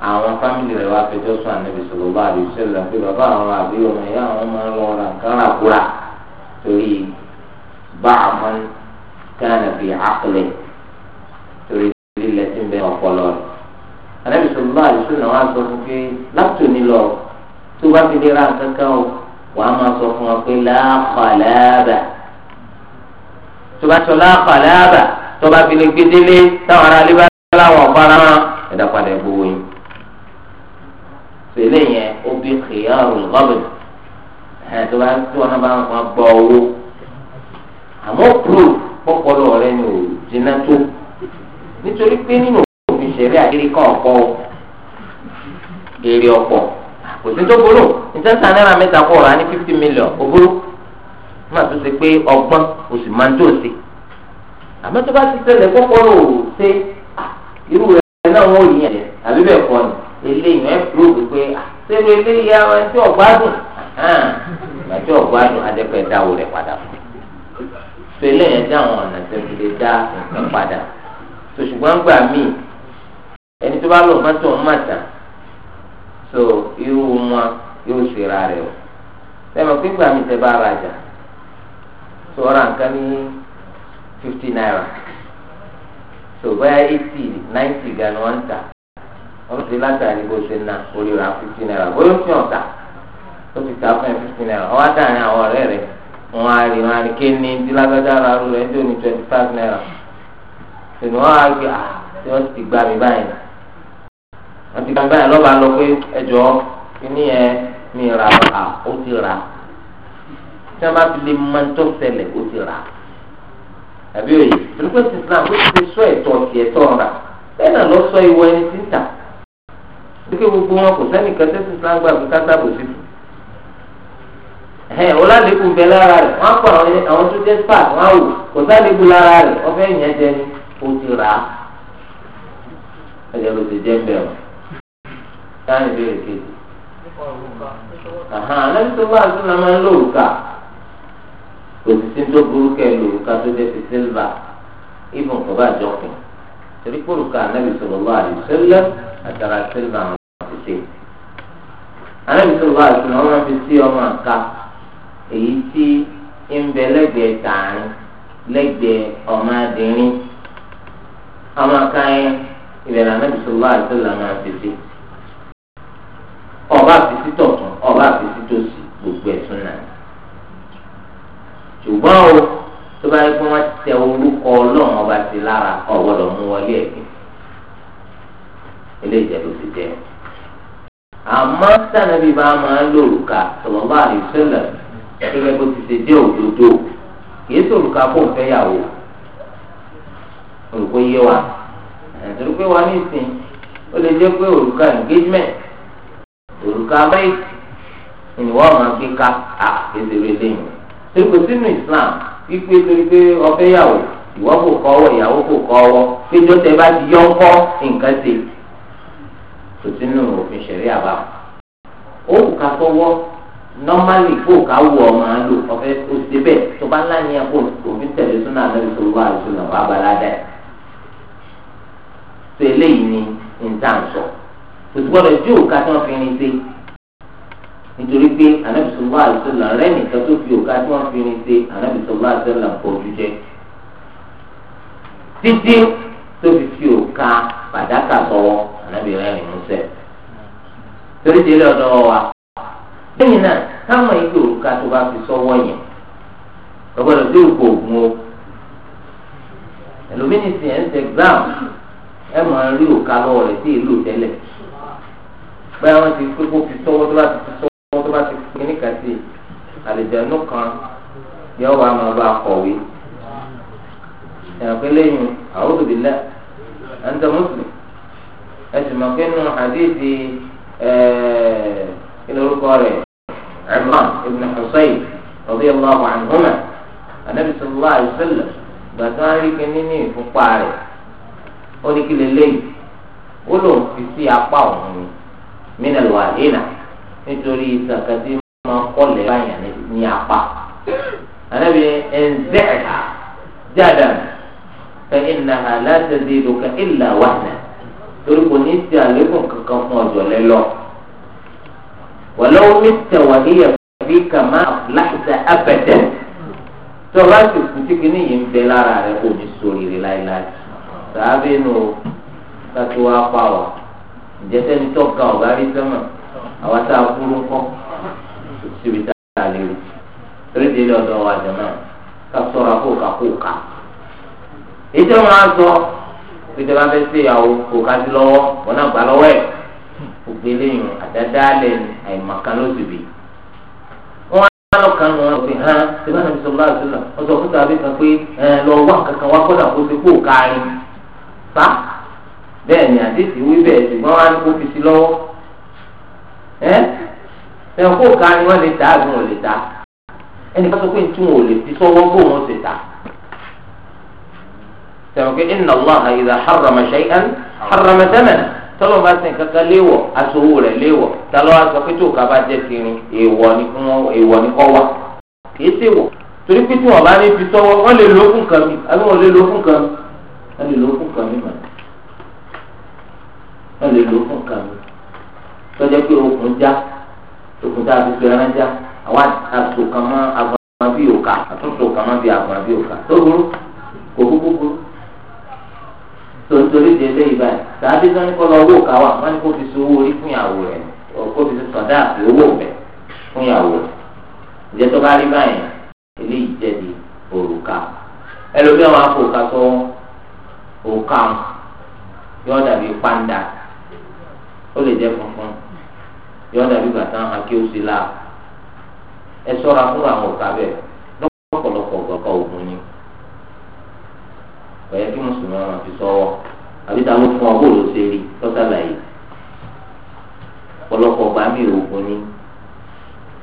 àwọn fámìlì rẹ̀ wá fẹjọ́ sùn ànábì sọ̀rọ̀ bá àbí sẹ́lẹ̀ pé bàbá àwọn àbí ọmọ ìyá àwọn máa ń lọ ra nǹkan ràkúrà torí bá àwọn kánà fi àkùlẹ̀ torí lílẹ̀ tí ń bẹ ọpọlọ rẹ̀ ànábì sọ̀rọ̀ bá àbí sọ̀rọ̀ wá sọ fún pé látòní lọ tó bá fi lè ra nǹkan kan o wàá máa sọ fún wọn pé láàkàlàbà tó bá sọ láàkàlàbà tó bá fi lè gbé délé táwọn ará ilé bá láwọn ọ̀bára wọn ẹ̀dá padà ìgbowó yìí. sèlè yẹn ó bí kìyàrú lọ́bìn ẹ̀ tó bá tó wọn bá wọn gbọ́ owó àmọ́ proof pọ́pọ́lọ́ rẹ ni ò jiná tó nítorí pé nínú òfin ṣẹ̀rí àkírí kan ọ̀pọ̀ èrè ọ̀pọ̀ kò sí tó burú nítorí sàn náírà mẹ́ta kó rà á ní fifty million kò burú má tó ṣe pé ọgbọ́n oṣù máa ń tó ṣe àmọ́ tó bá ti tẹ̀lé kọ́kọ́rọ́ ò ṣe irú rẹ̀ náà wọ́n yìí yẹn àbí bẹ́ẹ̀ kọ́ ni eléyìí ẹ̀ kúrò wípé ṣéwé eléyìí àwọn ẹni tí ọ̀gbádùn ẹni tí ọ̀gbádùn adẹ́pẹ́ dáwó rẹ̀ padà fún so eléyìí ẹ̀ dá àwọn ọ̀nà tó fi lè dá nǹkan padà so ṣùgbọ́n gbà míì ẹni tó bá lọ mọ́tò ń màtà so irú wọn yóò ṣera rẹ o lẹ́nu pípa mi tẹ bá rajà so ọ̀ràn kan ní fifty naira so bóyá eighty ninety gan wọn ta wọ́n ti látàrí bó ṣe na orí ra fifty naira bóyá ó fi hàn ta ó ti ta fún ẹ fifty naira ọwọ́ àtàrin àwọn ọ̀rẹ́ rẹ wọn á rí wọn á rí kéènì dílágbájá ara rẹ ẹjọ́ ní twenty five naira tòun wọn á gbé à ah, tí wọ́n ti gbá mi báyìí àti gbangba yẹn lọ́ba lọ pé ẹjọ́ kíní ẹ mi ra à ó ti rà tí wọ́n bá fi lè máa tó ṣẹlẹ̀ ó ti rà àbí òye torípé ti Islam ó ti ti sọ ẹ̀tọ́ ti ẹ̀tọ́ rà bẹ́ẹ̀ náà lọ sọ ìwọ ẹni tí ń tà wípé gbogbo wọn kò sẹ́nìkan tẹ́sí Islam gbà fún kásáàbò sí fún ẹ̀hẹ́n ọlálẹ́kùn bẹ lára rẹ̀ wọ́n á kọ́ àwọn tó jẹ́ spark wọ́n á wò kò sálẹ́kùn lára rẹ̀ ọ̀fẹ́ ìyẹn jẹ ni ó ti rà ẹ̀jẹ̀ ló ti jẹ́ ń bẹ̀rù dáhùn ìbéèrè kejì. lẹ́yìn bá àti náà máa ń lo òrùka kò sì sí tó burú kẹ́ lo òrùka tó jẹ́ ti sílvà ibùn kò bá jọ kù torí pé òrùka anábì sọ̀rọ̀ lọ́wọ́ àdìsẹ́lẹ̀ àtàrà sílvà wọn ti ṣe. anábì sọ̀rọ̀ lọ́wọ́ àti náà wọ́n fi sí ọmọ àká èyí tí ń bẹ lẹ́gbẹ̀ẹ́ tààrin lẹ́gbẹ̀ẹ́ ọmọdéyìn ọmọ àká yẹn ìbẹ̀rẹ̀ anábì sọ̀rọ̀ lọ́wọ́ àti máa fi sí ọba àfisí tọ̀tún ọba àfisí tòsí gbogbo ẹ̀sùn náà ṣùgbọ́n o tó bá yẹ kó wọ́n tẹ orúkọ ọlọ́run ọba sí lára ọ̀gbọ́dọ̀ mú wọlé ẹ̀gbẹ́ ilé ìjẹ́ ló ti jẹ́ àmọ́ sànàbí bá máa ń lòrùka sọ̀rọ̀bá àdìsẹ́lẹ̀ gẹ́gẹ́ bó ti ṣe jẹ́ òdodo kì í sòrùka kó fẹ́ yàwó olùkó yé wa ẹ̀sìn pé wa ní ìsìn ó lè jẹ́ pé òrùka engagement òrùka mẹ́ẹ̀kì ìníwọ́ ọ̀nà kíka à kékeré lẹ́yìn torí kò sínú Islam wípé torí pé ọbẹ̀ yàwó ìwọ́ kò kọ́ ọwọ́ ìyàwó kò kọ́ ọwọ́ péjọ tẹ bá ti yọ ńkọ́ nǹkan ṣe kò sínú òfin ṣẹ̀rí àbá òrùka tọwọ́ normally kó ká wù ọ máa lò ọfẹ oṣù bẹ́ẹ̀ tó bá ńlá ní ẹkọ òfin tẹ́lẹ̀ súnà àbẹrẹ tó wà lóṣù náà wà balada ẹ tó eléyìí ni nta sọ gbọdọ̀ jó òka tí wọ́n fi rin ṣe nítorí pé anábìsọ̀lá àdìsọ̀lá rẹ̀ nìkan tó fi òka tí wọ́n fi rin ṣe anábìsọ̀lá àdìsọ̀lá ń pọ̀jù jẹ títí tó fi fi òka pàdákà sọ̀wọ́ anábìrẹ́ rìn músẹ́ torí délé ọ̀dọ́ wa lẹ́yìn náà káwọn ìgbé òka tó bá fi sọ́wọ́ yẹn gbọdọ̀ tó òkò ògùn o ẹlòmínísì ẹ̀ ń ṣe gbàm ẹ̀ máa rí òka lọ́wọ́ rẹ̀ sí ìlú tẹ́lẹ̀ báyà wọn ti pé kó fi sọ́wọ́ tó bá ti fi sọ́wọ́ tó bá ti fi kíní kan sí àlejànú kan ni ọba máa bá kọ̀wé ìyàpẹ́ lẹ́yìn a'udhu billah anta muslim ẹ̀sìn mọ̀ pé nù àdéhìí kí lórúkọ rẹ̀ Imran ibn Husayn radiyallahu anhuma anabi sallallahu alayhi wa sallam gbàtà rí kíní ìfúnpá rẹ̀ ó ní kí lè léyìí ó lòun fi sí apá òun ni mínà lọ́wọ́ àdínà nítorí ìsàkàtì máa kọ́lẹ̀ báyà ní apá. ànábi ẹnzẹ́ẹ̀ha jádàm فإنها لا تزيدك إلا وهنا torí kò ní ti àlékún kankan fún ọjọ́ lẹ lọ. wọ́lọ́wọ́ mi tẹ̀wọ̀ níyà bí kàmá láìsẹ̀ abẹ́tẹ̀ tó bá ti kú tí kìíní yìí ń bẹ lára rẹ kò ní sóríire láéláé. sàábìnú kátó wá pa ìjẹsẹ ní tọka ọba rí sẹmọ àwa tá a kúrú ńkọ síbi tá a lè rí torí délé ọ̀dọ̀ wa jẹmọ ká ṣọ́ra kó ká kó ká ètò máa sọ pété bá fẹ́ ṣe ìyàwó kó ká sí lọ́wọ́ wọn náà gbà lọ́wọ́ ẹ̀ gbogbo eléyìí àdádáálẹ̀ ni àìmọ̀kan ló ti bì wọn á lọ kàn wọn fi hàn síbẹ̀ náà sọ bá àṣìlọ wọn sọ fún tàbí kan pé ẹ lọ wá kankan wá kọ́dà kó ti kó kárin fa. bẹ́ẹ̀ ni àdéhì wí bẹ́ẹ̀ ṣùgbọ́n wọn á ní kó fi sí lọ́wọ́ ẹ́ ẹ̀ kó ká ni wọ́n lè ta àbí wọn lè ta ẹnì kan sọ pé tí wọn ò lè fi sọ́wọ́ bó wọn ṣe ta sọ̀rọ̀ pé inna Allaha idha harrama shay'an harrama thamana tọ́lọ́ bá sìn kankan léwọ̀ Lewo. rẹ̀ léwọ̀ tálọ́ aṣọ pé tó ká bá jẹ́ kiri èèwọ̀ ni fún wọn èèwọ̀ ni kọ́ wa kì í ṣe wọ̀ torí pé tí wọn bá ní fi sọ́wọ́ lè kan mi àbí wọn lè kan mi wọn lè lò ó fún kan tọjọ pé okùn já okùn tá a fi pẹrẹ já àwa àtòkàn mọ kama bí òkà àtúntò kàn mọ bí agbọn bí òkà tó burú kò kú kúkú tontori di báyìí tàbí kọ́ lọ owó òkà wa wọn ni kò fi so owó orí fún ìyàwó rẹ kò tó bá rí báyìí eléyìí di òrùka ẹlòmíràn wọn á fò ó lè jẹ́ funfun yọ dàbí bàtà hàn kí ó sì la ẹ ṣọ́ra fún àwọn òkà bẹ́ẹ̀ lọ́pọ̀lọpọ̀ gbọkọ ògùn ni ọyẹ kí mùsùlùmí ọmọ fi sọ́wọ́ àbí ta ló fún ọ bó ló ṣe rí lọ́sàlàyé ọ̀pọ̀lọpọ̀ gbà mí ògùn ni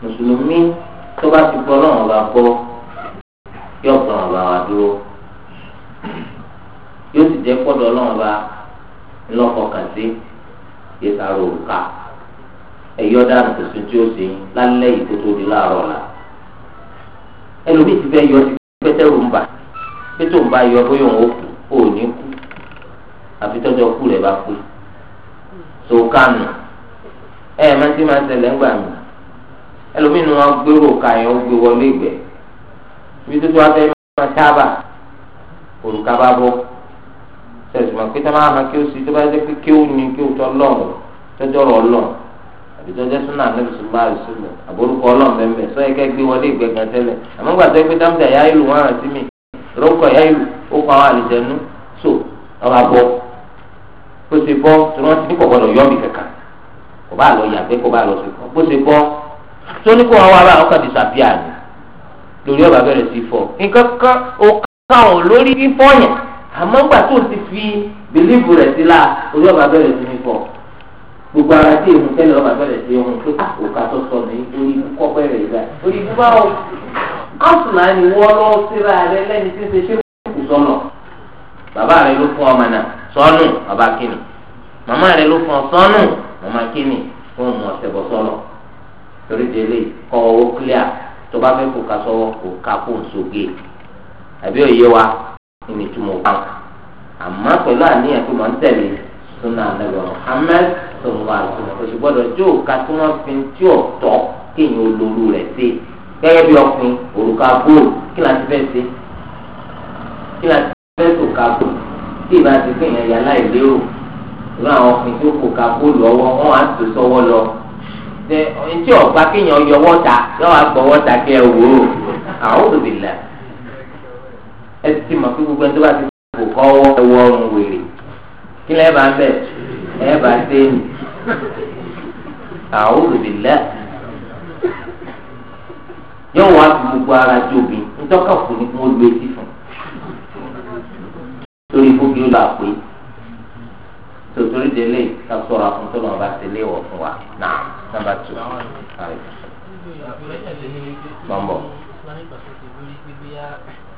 mùsùlùmí tó bá ti gbọ́ lọ́wọ́ bá gbọ́ yóò gbọ́n ọba wa dúró yóò sì jẹ́ pọ́dọ̀ ọlọ́wọ́ bá ńlọ́kọ̀ọ́kàn sí yé sáré òrùka ẹ̀yọ́ dànù kò sí tí ó sè é lálẹ́ yìí kó tó di láàárọ̀ la ẹlòmíì ti fẹ́ yọ ti pẹ́tẹ́rù ń bà pétò ń bá yọ bóyá òun ó kú ó ní kú àfi tọ́jọ́ kú rẹ̀ bá kú tó kánù ẹ ẹ máa ti máa ṣẹlẹ̀ ńgbà mí ẹlòmíì ni wọ́n gbérò òkà yẹn ó gbé wọlé ìgbẹ́ ibi tó tó wá fẹ́ máa tábà òrùka bá bọ́ sẹ̀sùmọ̀ pé tá máa ma kí ó sí tó bá jẹ́ pé kí ó ní kí ó tọ́ lọ́rùn tọ́jọ́ rọ̀ lọ́n àbíjọ́jẹ́ súnà àlẹ́bùsùn bá rẹ̀ sílẹ̀ àbórúkọ ọlọ́run bẹ́ẹ̀ bẹ́ẹ̀ sọ ẹ̀kẹ́ gbé wọlé ìgbẹ́gàn tẹ́lẹ̀ àmọ́ gbà tó pé dámdà yá ìlú wọn rántí mi rọ́kọ̀ yá ìlú ó pa àwọn àlìjẹnú so ọba bọ́ bó ṣe bọ́ tí wọ́n ti ní kọ̀kọ́ lọ yọ́ mi kẹ̀kà kò bá lọ yàgbẹ́ kò bá lọ sí kọ́ bó ṣe bọ́ tó ní kó wọn wá bá ọkọ̀ dìsàbíà ni lórí ọba bẹ̀rẹ̀ sí fọ́ nǹkan kan ó káwọn àmọ́ gbà tó ti fi bìlíìfù rẹ̀ sí la orí ọba bẹ̀rẹ̀ sí ní fọ gbogbo ara tí èhùn tẹ́lẹ̀ ọba bẹ̀rẹ̀ sí ohun pé àkókò tó sọ ní orí kọ́ bẹ̀rẹ̀ ìgbà orí ibú báwo káùsùlà ni wọ́n lọ síra rẹ lẹ́ni tí ń ṣe ṣé kù sọ́nà bàbá rẹ ló fún ọmọ náà sọ́nù bàbá kínní màmá rẹ ló fún ọ sọ́nù màmá kínní fún ọmọ ọ̀sẹ̀ bọ́ sọ́nà torí délé kọ́ owó clear tó bá fẹ́ kó ka sọ́wọ́ kó ka kó ń soge àbí òye wa ìní túmọ̀ wá àmọ́ pẹ̀lú àníyàn pé màá tẹ̀lé sunna anabi Muhammad sọlá àtúnṣe oṣù gbọ́dọ̀ jó òka tí wọ́n fi ń tí ọ̀tọ̀ kéèyàn olóru rẹ̀ sí gẹ́gẹ́ bí ọkùnrin òrùka góòlù kí láti fẹ́ sí kí láti fẹ́ tó ka góòlù tí ìbá ti fẹ́ yẹn yàrá ìlérò ìlú àwọn ọkùnrin tó kó ka góòlù ọwọ́ wọn á tó sọ́wọ́ lọ ṣe ntí ọ̀gbá kéèyàn yọwọ́ ta yọ àgbọ̀wọ́ ta kẹ́ ẹ̀ ẹ ti mọ̀ pé gbogbo ẹni tó bá ti kò kọ́wọ́ ẹwọ́ ọrùn wèrè kí lẹ́ẹ̀ bá ń bẹ̀ ẹ bá sẹ́yìn a'udhu billah yóò wá fi gbogbo ara jóbi ntọ́ka fún ni kó gbé sí fún torí fúnbi ó là pé tòtòrí délé ká sọ̀rọ̀ àkùntàn náà bá tẹ̀lé wọ̀ fún wa náà nàmbà tù. Mọ̀mọ́.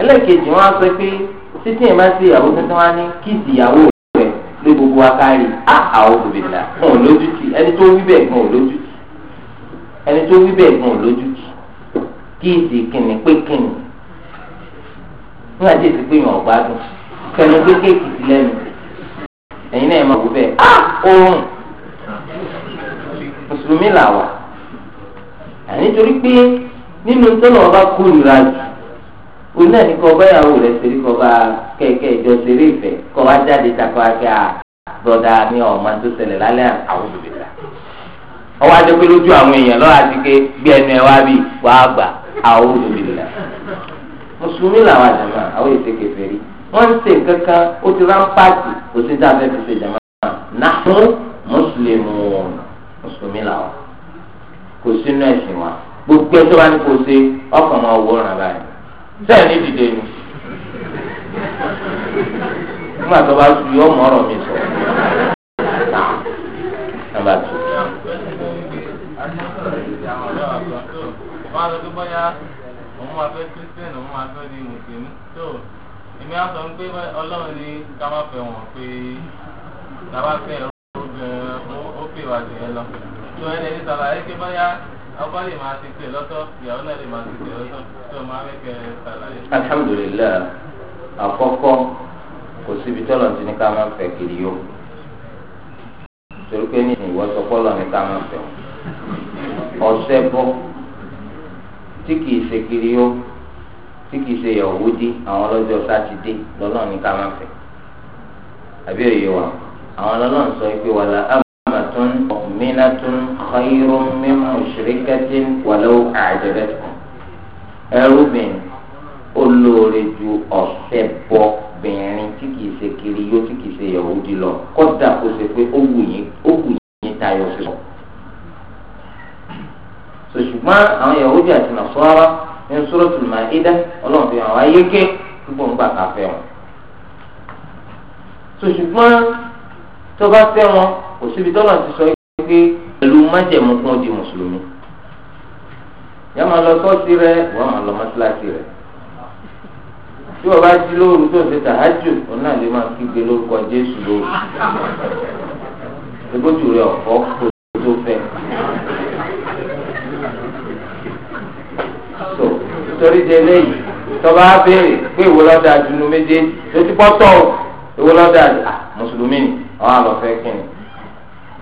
ẹlẹ́ẹ̀kejì wọn á sọ pé títí ẹ̀ máa ń ṣe ìyàwó tuntun wá ní kí ìyàwó rẹ̀ lé gbogbo wa kárí àwọn òbílà fún olójútì ẹni tó wí bẹ́ẹ̀ gan olójútì ẹni tó wí bẹ́ẹ̀ gan olójútì kí ìdí kìnnì pé kìnnì nígbà tí èsì pé yàn ọ̀gbádùn fẹnu òun náà ní kọ rẹ̀ ṣeré bá kẹ̀kẹ́ ìjọ ìfẹ́ kọ wá jáde takọ akẹ́ ní ọ̀ma tó ṣẹlẹ̀ lálẹ́ àwọn òbílà. ọwọ́ adé pé lójú àwọn èèyàn lọ́wọ́ àti gbà mùsùlùmí làwọn ṣe kankan ti rámpáàtì kò sí dáa fẹ́ẹ́ fi ṣe jàmà mùsùlùmí mùsùlùmí làwọn kò sínú sẹ́ẹ̀ ní dìde ni nígbà tó bá tu yọ mọ ọ̀rọ̀ mi sọ náà bá tu. Òun máa fẹ́ Christian, òun máa fẹ́ ní Mùsùlùmí. Tó èmi á sọ pé Ọlọ́run ní ká má fẹ́ wọn pé tá a bá fẹ́ ẹ̀rọ ó pè wá sí ẹ lọ. Tó ẹni ní sàlàyé pé báyà ọkọ lè máa ti pè lọ́tọ̀ ìyàwó náà lè máa ti pè lọ́tọ̀ tó máa fẹ́ kẹ́ ṣàlàyé. alhamdulilayi àkọ́kọ́ kò síbi tọ́lọ̀ ti ní ká máa fẹ́ kiri yó torí pé ní ìwọ sọ pọ́lọ̀ ní ká máa fẹ́ ọ̀sẹ̀ bọ́ tí kìí ṣe kiri yó wa àwọn ọlọ́run sọ pé wàlá am mu'minatun khayrun min mushrikatin walau a'jabatkum ẹrúbìnrin olóore ju ọ̀sẹ̀ bọ bìnrin tí kìí ṣe kiri yóò tí kìí ṣe yahudi lọ kódà kó ṣe pé ó wù yín ó wù yín tayọ sísọ. sòṣùgbọ́n àwọn yahudi àti nàṣọ́ra ní Suratul Maida ọlọ́run fi hàn wá yéké púpọ̀ ń gbà ká fẹ́ wọn. sòṣùgbọ́n tó bá fẹ́ wọn kò síbi tọ́lọ̀ ti sọ pé pẹ̀lú májẹ̀mú kún di mùsùlùmí ya máa lọ sọ́ọ̀sì rẹ wà máa lọ mọ́síláṣí rẹ tí wọ́n bá jí lóru tó ṣe tàájù òun náà lè máa kígbe lórúkọ Jésù lóru ebójú rẹ ọ̀fọ́ kò tó fẹ́. torí je eléyìí tọba abéèrè pé lọ́dà dunu méje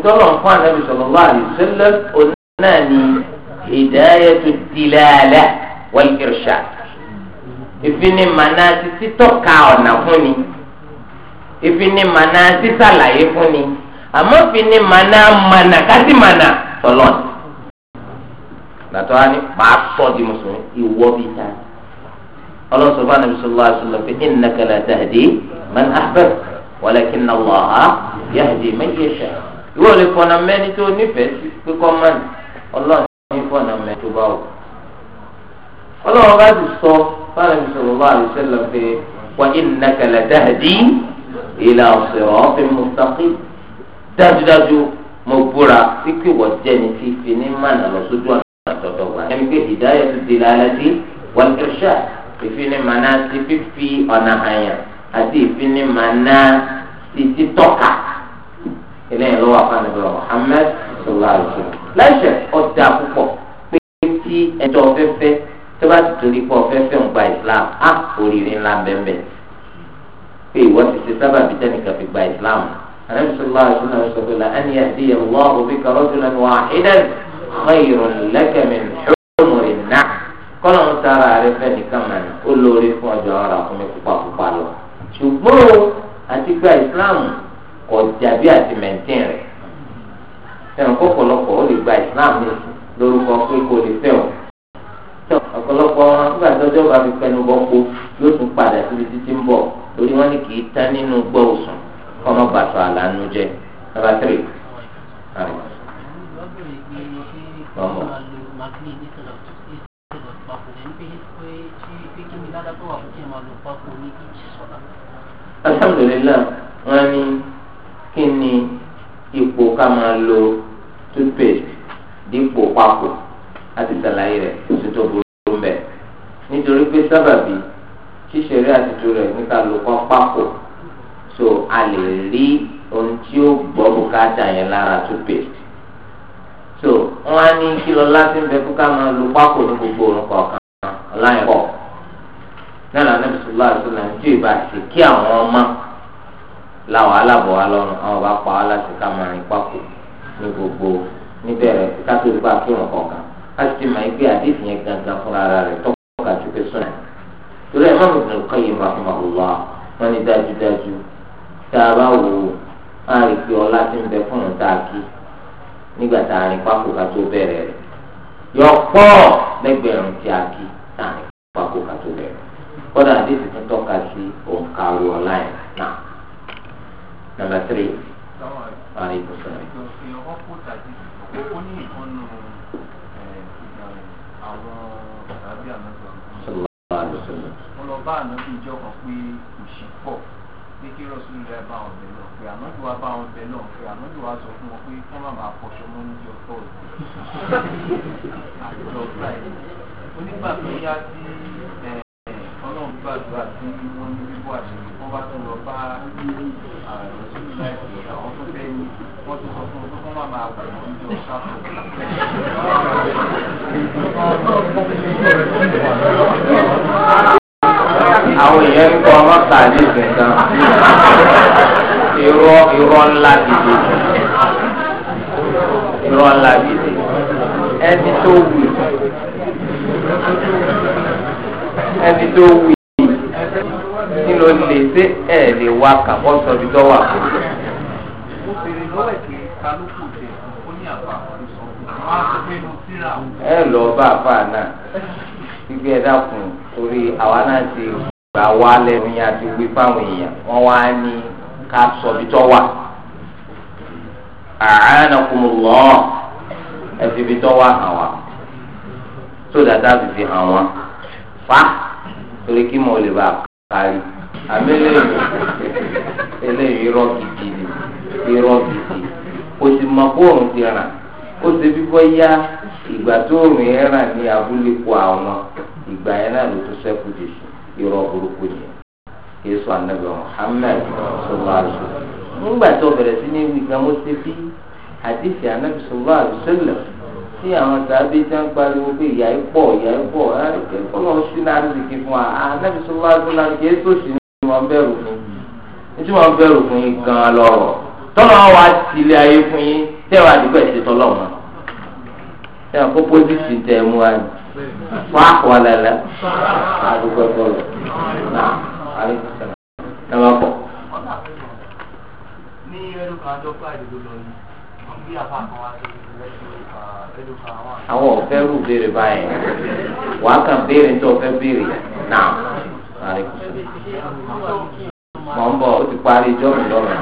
ntọ́lọ̀ ń fún anabi sallallahu alaihi wasallam náà ni hidayatu dilala wal irshad ìfini màná títí tọ́ka ọ̀nà fún ni ìfini màná sísàlàyé fún ni àmọ́ ìfini màná màná kásì màná tọ́lọ́ọ̀nì gbàtọ́ wa ni màá tọ́ di mùsùlùmí ìwọ bíi ta ọlọ́sọ̀ bá nàbí sọlá àṣọlá fi innaka la tahdi man ahbabta walakinna Allaha yahdi man yasha ìwọ lè fọ̀nà mẹ́ni tó nífẹ̀ẹ́ sí kíkọ́ mọ́ni ọlọ́run ní fọ̀nà mẹ́ni tó bá wù. ọlọ́run bá ti sọ fáwọn ẹ̀mí sọ̀rọ̀ bá àlùsọ lọ pé wà innaka latahdi ila siratin mustaqim dájúdájú mo búra pípé wọ́n jẹ́ni tí fi ní mànà lọ sójú ọ̀nà tọ̀tọ̀ gbà ẹni pé hidayatu dilalati wal irshad ìfini mànà ti fífi ọ̀nà àyàn àti ìfini mànà ti títọ́ka eléyìí ló wà fún ẹgbẹ́ Muhammad sallallahu alaihi wasallam láìsẹ̀ ọ̀dà púpọ̀ pé tí ẹjọ́ fẹ́fẹ́ tó bá ti torí pọ̀ fẹ́fẹ́ ń gba Islam á oríire ńlá bẹ́ẹ̀ pé ìwọ ti ṣe sábà bíi tẹnìkan fi gba Islam Ànábì sallallahu alaihi wasallam sọ pé la an yahdiya Allahu bika rajulan wahidan khayrun laka min humurin naʿ kọ́lọ̀ ń tara rẹ fẹ́ nìkan mọ̀ ó lóore fún ọjọ́ ara fún mi pupa pupa lọ ṣùgbọ́n àti gba Islam ọjà bí àti mẹ̀ntìn rẹ̀ ẹnu kọ́pọ̀lọpọ̀ ó lè gba Islam ní lórúkọ pé kò lè fẹ́ o ọ̀pọ̀lọpọ̀ wọn nígbà tọ́jọ́ bá fi pẹnu bọ́ yóò tún padà síbi títí ń bọ̀ torí wọ́n ní kì í tán nínú gbọ́ òsùn kọ́mọ bàtọ̀ àlànà jẹ́ nàbà tírì. alhamdulilayi wọn ní. kí ni ipò ká máa lo toothpaste dípò papò láti ṣàlàyé rẹ̀ oṣù tó burú mbẹ nítorí pé sábàbí ṣíṣeré àtìtú rẹ̀ níta ló kọ́ papò so a lè rí ohun tí ó gbọ́ bùkátà yẹn lára toothpaste so wọn á ní kílọ láti ń bẹ fún ká máa lo papò ní gbogbo orun kọ̀ọ̀kan ọláyẹn pọ̀ náà lànà bisimilá àti sọlá ní tí ì bá ṣe kí àwọn ọmọ. láwọn alábọ̀ wa lọ́rùn àwọn bá pa wá láti ká máa rìn pákó ní gbogbo níbẹ̀rẹ̀ kátó gbà kírun kọ̀ọ̀kan a sì máa gbé àdéhùn yẹn gangan fúnra ara rẹ̀ tọ́ka tó fi sùn. torí ẹ̀ mọ́mú Ibn Qayyim rahimahullah wọn ni dájúdájú tá a bá wò ó a rí pé ọlá ti ń bẹ fún un kí nígbà onígbà tó yá sí ọlọ́run gbàdúrà tí wọ́n ní bíbọ́ àṣírí wọ́n bá tó lọ bá ààrẹ tó ní láìpẹ́ àwọn tó fẹ́ ní wọ́n ti sọ fún un kó má máa wọ̀ ní ọjọ́ sáfù. àwọn èèyàn ń kọ́ mọ́tà ní ìgbẹ̀dá irọ́ irọ́ ńlá gidi irọ́ ńlá gidi ẹni tó wù tó wí kí ló lè ṣe ẹ̀ lè wá kàbọ̀ sọ ibi tó wà fún un. ẹ lọ bá àfa náà gbígbé ẹ dákun torí àwa náà ti gbà wá lẹ́nu yẹn àti wí fáwọn èèyàn wọ́n wá ní ká sọ ibi tó wà. àánàkùnmùlọ́ọ̀ ẹ fi ibi tó wà hàn wá sódà tá a fi fi hàn wá fa. torí kí mo lè bá kárí àmì eléyìí irọ́ gidi ni irọ́ gidi o sì mọ kó òun ti ràn ó ṣe ya kò yá ìgbà tó òun yẹn ràn ní abúlé kó àwọn ìgbà yẹn náà ló tún sẹ́kù dé sí irọ́ burúkú yéésù anabi muhammed nígbà tó bẹ̀rẹ̀ sí ní mo àdìsí tí àwọn sàbí tí wọ́n pariwo pé ìyá yìí pọ̀ ìyá yìí pọ̀ ọlọ́run sí náà rìsìkì fún wa anábì sọlá sọlá kì í sòsì ní wọ́n bẹ̀rù fún yín tí wọ́n bẹ̀rù fún yín gan-an lọ́rọ̀ tọ́lọ́ wa tilẹ̀ ayé fún yín tẹ́wàá dìgbà ẹ̀ ti tọ́lọ́ wọn tẹ́wàá kó pósìtì tẹ̀ mú wa ni wá wà lẹ́lẹ́ àdúgbò bọ̀lọ̀ náà àríkùsẹ̀ náà ẹ pọ̀. ní ẹnu kan àwọn ọ̀fẹ́ rú béèrè báyìí wàá kàn béèrè tó ọ̀fẹ́ béèrè náà sáré kù mọ̀ ń bọ̀ ó ti parí jọ́ọ̀mù lọ́rùn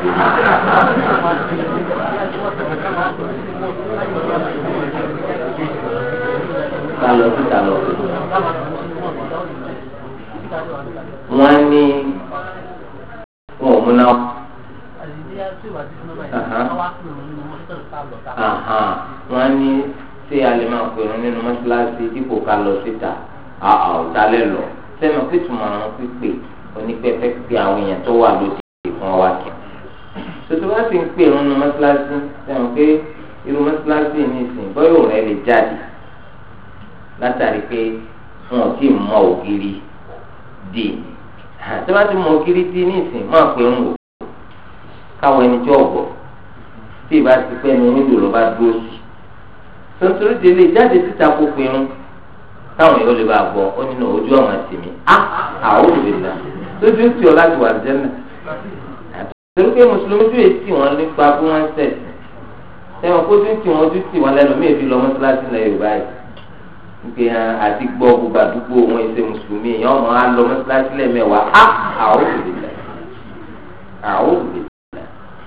wọ́n ní ṣé a lè máa pèrún nínú mọ́ṣáláṣí dípò ká lọ síta àwòtálẹ̀ lọ sẹ́nu pẹ̀tùmọ̀ àwọn pípé onípẹ́pẹ́ pé àwọn èèyàn tó wà lóde fún wa kẹ́ tuntun wá sí ń pè nínú mọ́ṣáláṣí sẹ́nu pé irú mọ́ṣáláṣí ní ìsìn bọ́yọ̀ rẹ̀ lè jáde látàrí pé wọn ò tí ì mọ ògiri dì tí wọ́n ti mọ ògiri dì ní ìsìn máa pè ń wò káwọn ẹni tí ò gbọ́ tí ìbá ti pẹ́ nu onídò ló bá dúró sí. tuntun délé jáde síta kó pinnu táwọn èèyàn lè bá gbọ́ ó nínú ojú àwọn àti mi á àwọn òbí là lójú ń tì ọ́ láti wà jẹ́ náà. torí pé mùsùlùmí tó èsì wọn nípa bí wọ́n ń tẹ̀ sẹ́wọ̀n kó tún tì wọ́n ojú tì wọ́n lẹ́nu míì fi lọ mọ́sálásí lẹ Yorùbá yìí nke hàn àti gbọ́ gbogbo àdúgbò wọn ẹsẹ̀ mùsùlùmí èèyàn ọmọ alọ mọ́sálásí lẹ́mẹ̀wàá á àwọn òbí là àwọn òbí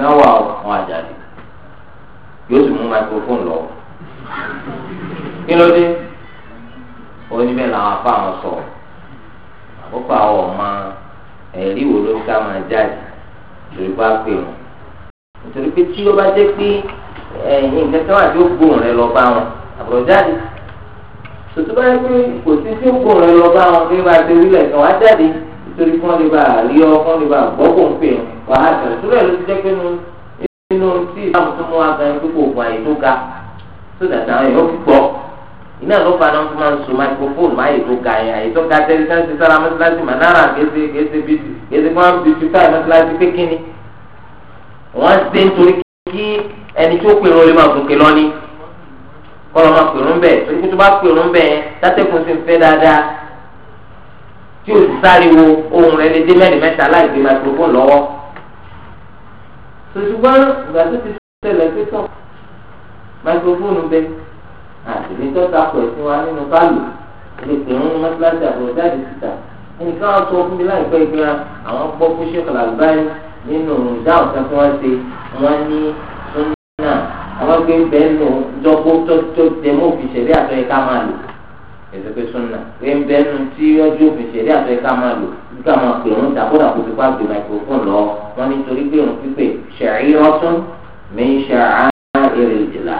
náwó àwọn àjàdì yóò sì mú microphone lọ kí ló dé ó làwọn sọ àkókò àwọn ọmọ ẹ̀rí wo ló ká máa jáde lórí bá pè wọn nítorí pé tí ó bá jẹ́ pé àti rẹ lọ bá wọn àbúrò jáde pé kò sí sí rẹ lọ bá wọn torí kí wọ́n lè bá rí ọ kí wọ́n lè bá gbọ́ kó ń pè é wàhálà tẹ̀lé tó bẹ́ẹ̀ ló ti jẹ́ pé nu inú tí ìsàmù tó mú wa gan ẹ̀ gbogbo ògùn àyè tó ga tó dàda àwọn èèyàn fi gbọ́ iná ló fa náà tó máa ń so microphone máa yè tó ga yẹn àyè tó ga tẹ́lẹ̀ sáà ti sára mọ́tíláṣí mà náírà kéde kéde bí kéde kí wọ́n fi ju táì mọ́tíláṣí pé kíni wọ́n ṣe nítorí kí ẹni tó pèrò lè máa gòkè lọ kọ́ tí o ti sáré wo ohun rẹ lè dé mẹ́rin mẹ́ta láì gbé microphone lọ́wọ́. ṣùgbọ́n ìgbà tó ti ṣẹlẹ̀ pé tán microphone bẹ àtìlẹ́ tó takò ẹ̀sìn wa nínú pálù lè pè ń mọ́tíláṣí àbúrò jáde síta ẹnìkan á sọ fún mi láìpẹ́ ìgbéra àwọn gbọ́ fún ṣé kàlàbáyé nínú ìdáhùn kan tí wọ́n ṣe wọ́n ní súnmọ́ náà àwọn gbé bẹ́ẹ̀ nù jọ́gbó tó tó dẹ́mọ́ òfin ṣẹ̀rí àtọ́yẹ ká máa lò èsèké súnà ń bẹ nu tí ọjọ́ òfin ṣẹ̀dí àfẹ́ ká máa lò ká máa pè ń dàkúdà kó fipá gbé microphone lọ wọn nítorí pé òun pípé ṣẹ̀rí ọtún mi ń èrè ìjìlá.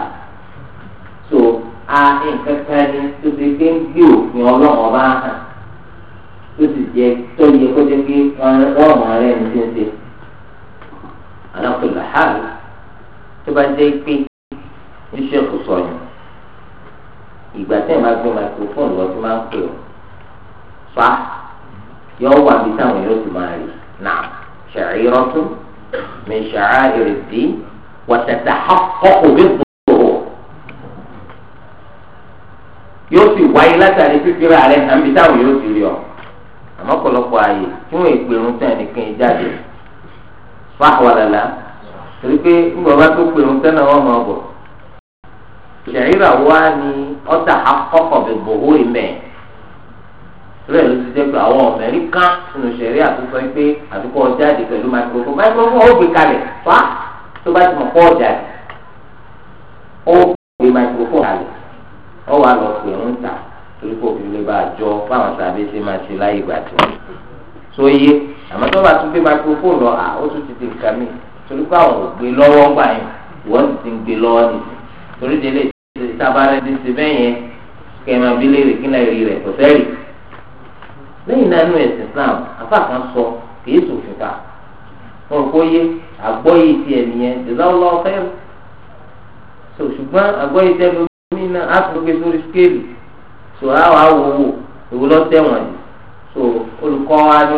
so a nǹkan kan ní tó ti gbé ń gbé òfin ọlọ́run ọba hàn tó sì jẹ tó yẹ kó jẹ pé wọ́n mọ̀ ọ́rẹ́ ní ṣe ń ṣe. tó bá jẹ́ pé iṣẹ́ kò sọ̀yìn ìgbà tẹ́ ẹ̀ máa gbé microphone lọ sí máa ń pè ọ́ fa yọ wà bí táwọn yóò ti máa rí náà ṣàìrọ́tú mi ṣàrá ìrètí wọ̀tẹ̀tẹ̀ ọkọ̀ mi gbòòrò yóò sì wáyé látàrí fífíra rẹ̀ hàn bí táwọn yóò ti rí ọ àmọ́ ọ̀pọ̀lọpọ̀ ààyè tí wọ́n ìpèrún tán nìkan jáde fa wàlàlà torí pé ń bọ̀ bá tó pèrún tán náà wọ́n máa bọ̀ ṣẹ̀ríra wa ni ọ̀tà akọ́kọ̀ bẹ̀ gbòòrò ìmẹ̀ rẹ̀ ló ti jẹ́ pé àwọn ọ̀mẹ́rí kan nínú ṣẹ̀rí àtúntò pé àdúgbò ọ̀jáde pẹ̀lú microphone microphone ó gbé kalẹ̀ wá tó bá ti mọ̀ pọ̀ ọ̀jáde ó gbé microphone kalẹ̀ ó wà lọ pè ń ta torí kò fi lè bá a jọ báwọn tàbí ṣe máa ṣe láyé ìgbà tó so yé àmọ́ tó bá tún gbé microphone lọ à ó tún ti di nǹkan mi torí pé àwọn ò gbé lọ́wọ́ ńgbà yẹn ìwọ́n ti ti ń gbé lọ́wọ́ nìyí torí délé tabarẹ́ ti dị bẹ́ẹ̀ yẹn kẹmà bí léèrè kí náà rí rẹ̀ kò sẹ́rì lẹ́yìn náà nínú ẹ̀sìn Islam afa kan sọ kìí sòfin ká wọn kò yé àgbọ́yé ti ẹ̀mí so ṣùgbọ́n àgbọ́yé tẹ́ lómi náà á so àwọn awòwò lọ tẹ̀wọ̀n yìí so olùkọ́ wa ni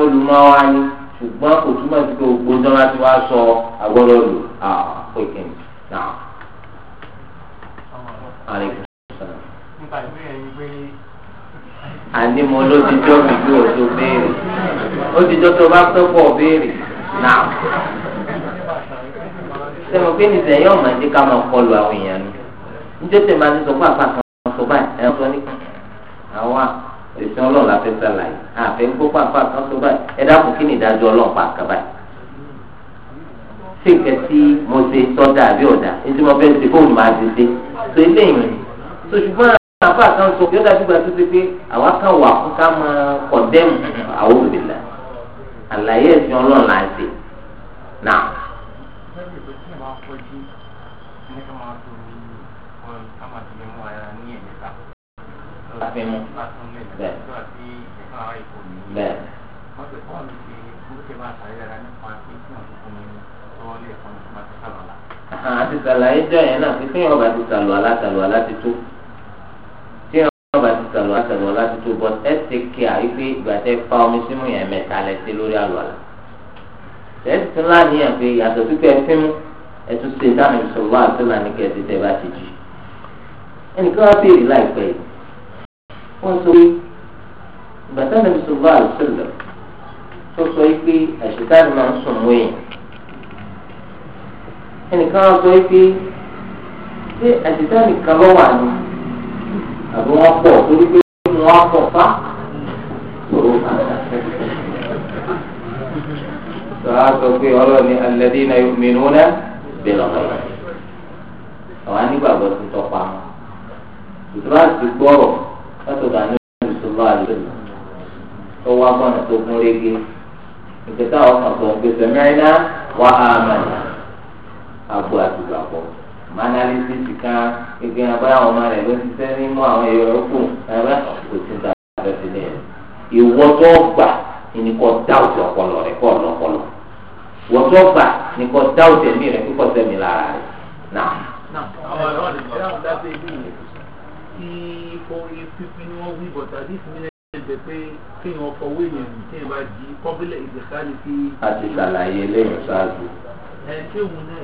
wa ni ṣùgbọ́n kò túmọ̀ sí pé wá sọ àní mo ló ti jọ́ mi bí o tó béèrè ó ti jọ́ tó o bá pẹ́ pọ̀ béèrè náà sẹ́mi pé nìsẹ̀ yóò máa dé ká máa kọlu àwọn èèyàn ni níjọ́ tẹ̀ máa ti sọ pé àpapọ̀ àwọn sọ báyìí ẹ̀ ń sọ ní àwa èsì ọlọ́ọ̀la fẹ́ sàlàyé àfẹ́ gbọ́ pàpà kan sọ báyìí ẹ dákun kí ni ìdájọ́ ọlọ́ọ̀pá kan báyìí ṣé nǹkan tí mo ṣe sọ́dà àbí ọ̀dà ní tí mo fẹ́ ṣe fóònù máa ti ṣe tó ilé yìí tó ṣùgbọ́n àpá kan sọ yóò dájú gba tó ṣe pé àwa kan wà fún ká máa kọ̀dẹ́mù àwọn òbílà àlàyé ẹ̀sìn ọlọ́run là ń ṣe náà. Bẹ́ẹ̀. Ah, àti sàlàyé jọ yẹn náà fífi yẹn ọba ti sàlù alásàlù alátìtó tí yẹn ọba ti sàlù alásàlù alátìtó bọ ẹ ti kí à yí pé ìgbà tẹ fa omi símú yẹn mẹ́ta lẹ sí lórí àlọ àlà tẹsí tún láàníyàn pé yàtọ̀ pípẹ́ fímú ẹtù ṣe dáhùn ìṣòro àtúnà ní kẹsì tẹ bá ti jì ẹnìkan wá béèrè láìpẹ́ yìí wọ́n sọ pé ìgbà ẹnìkan á sọ pé ṣé àtìtá nìkan ló wà ní àbí wọ́n pọ̀ torí pé wọ́n pọ̀ fá sọ̀rọ̀ sọ̀rọ̀ á sọ pé ọlọ́ọ̀ni alladhina yu'minuna bil ghaib àwọn anígbàgbọ́ ti tọpa ìtura ti gbọ́rọ̀ látọ̀dọ̀ àná ìṣòro àlùfẹ́ tó wá gbọ́nà tó gún régé ìgbésà ọkàn tó ń gbèsè mẹ́rin náà wà á mẹ́rin agbo àti ìgbàpọ̀ analysis kan ike abáyá ọmọ rẹ ló ti sẹ́ nínú àwọn ẹ̀yọ ọkùn ẹ̀rọ kò sí ta ẹ̀rọ ti lẹ̀ ìwọ́tọ́ gbà ni kò dáwùtì ọpọlọ rẹ kò lọpọlọ wọ́tọ́ gbà ni kò dáwùtì ẹ̀mí rẹ kíkọ́ sẹ́mi lára rẹ náà. Tí orin pínpín ni wọ́n wí bọ̀tà ní ìpínlẹ̀ jẹ́ pé kéèyàn fọwọ́ èèyàn nì kéèyàn bá di kọ́bílẹ̀ ìdẹ̀ká ni fi. A ti ṣàlàyé lẹ́yìn ṣáájú. Ẹ ṣé òun náà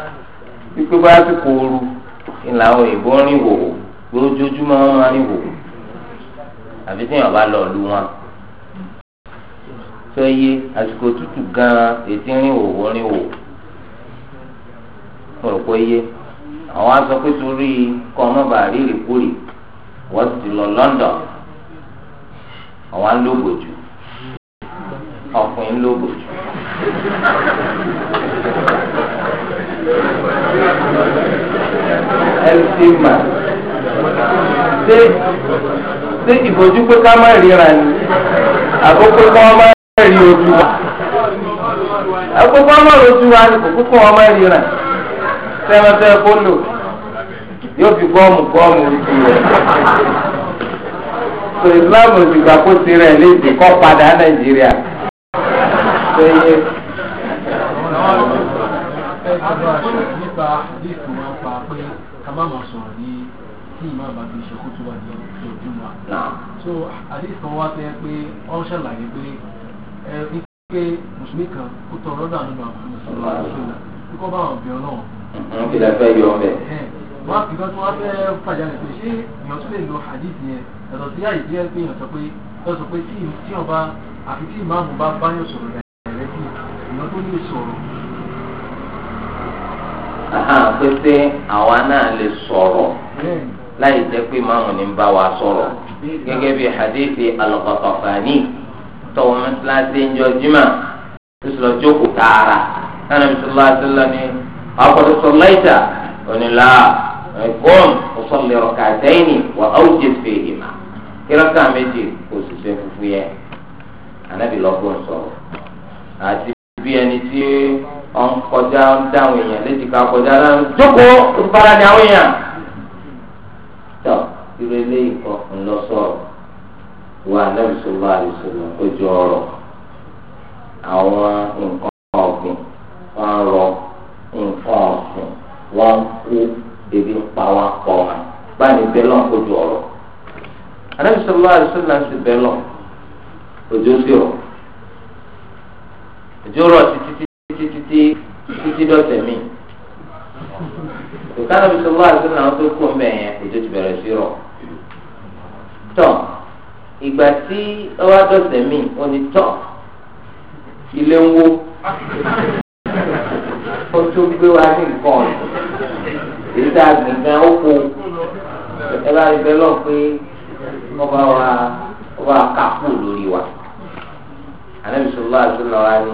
wípé bá ti kò oru ìlà àwọn òyìnbó rìn wò ó lójoojúmọ́ wọn máa rìn wò ó àfi tí yàn bá lọ lu wọn sọ iye àsìkò tútù gan-an ètí rìn wò ó rìn wò ó rò pé iye àwọn aṣọ pé torí kọ́ ọmọba rírì kúrì wọ́n ti lọ London àwọn alógbòjù ọkùnrin lógbòjù. ẹlẹ́sìmà ṣé ṣé ìbòjú pé ká má ni àkókò kọ́ ọmọ rí ojú wa àkókò ọmọ rí ojú wa ni kókó kọ́ ọmọ ríra tẹ́wọ́tẹ́ kó lò yóò fi gọ́ọ̀mù gọ́ọ̀mù ojú rẹ̀ so Islam ò kó tirẹ̀ léde kọ́ padà fẹ́ sọ̀rọ̀ àṣà nípa àdéhùn wọn pa pé ká má máa sọ̀rọ̀ ní tí ìmọ̀ àbá fi ṣe kótó wà ní ìjọba. so àdéhùn kan wá fẹ́ pé ó ń ṣàlàyé pé ẹ ní pé mùsùlùmí kan kó tọ ọ̀rọ̀ náà nínú àwọn mùsùlùmí àṣọlá kíkọ́ bá wọn bí ọlọ́run. wọ́n ti lè fẹ́ yọ ọmọ ẹ̀. wọ́n á fi kan tí wọ́n fẹ́ fàjà rẹ̀ pé ṣé èèyàn tún lè lo àdéhùn yẹn yàtọ̀ sí àyè tí ẹ pé èèyàn sọ pé ẹ sọ pé tí ìmọ̀ àfi tí ìmọ̀ àmọ̀ bá báyọ̀ sọ̀rọ̀ tó ní sọ̀rọ̀ pé pé àwa náà lè sọ̀rọ̀ láì jẹ́ pé máàmù ní bá wa sọ̀rọ̀ gẹ́gẹ́ bí hadithi al-Ghatafani tọwọ́ mẹ́tíláṣí ń jọ jimá tó sì lọ jókòó tààrà kánà bisalòlá àtúlá ni àkọ́tù sọ̀láìtà onílà ẹ̀kọ́m ọ̀sọ̀lẹ̀ rak'ataini wà awjid fihima kíráka méjì kò sì ṣe fúfú yẹ anábìlọ́gbọ̀n sọ̀rọ̀ àti bí ẹni tí ọ̀n kọjá ń dá àwọn èèyàn létí ká kọjá láwọn jókòó ìfara ni àwọn èèyàn. tó irú eléyìí kọ ńlọ sọ̀rọ̀ wa anábì sọlá àdìsọlá ojú ọ̀rọ̀ àwọn nǹkan ọ̀gbìn wọn rọ nǹkan ọ̀sìn wọn kú ebi ń pa wọn pọ̀ wọn báyìí bẹ́ẹ̀ lọ́n kojú ọ̀rọ̀ anábì sọlá àdìsọlá ti bẹ́ẹ̀ lọ ojú sí ọ ojú rọ títí títí títí títí dọ̀sẹ̀ mi. Ìkànnì bí sọ́wọ́ àti sọ́nà àwọn tó kú ń bẹ̀ yẹn ètò ti bẹ̀rẹ̀ sí rọ̀. Tọ́ ìgbà tí ó wá dọ̀sẹ̀ mi ò ní tọ́ ilé ń wó. Ó tún gbé wa ní nǹkan ọ̀nà. Èyí tá a gbìn gan ó kó. Ẹ bá rí bẹ́ẹ̀ lọ pé wọ́n bá wa wọ́n bá kà lórí wa. Ànábìsọ̀lá àti sọ́nà wa ni.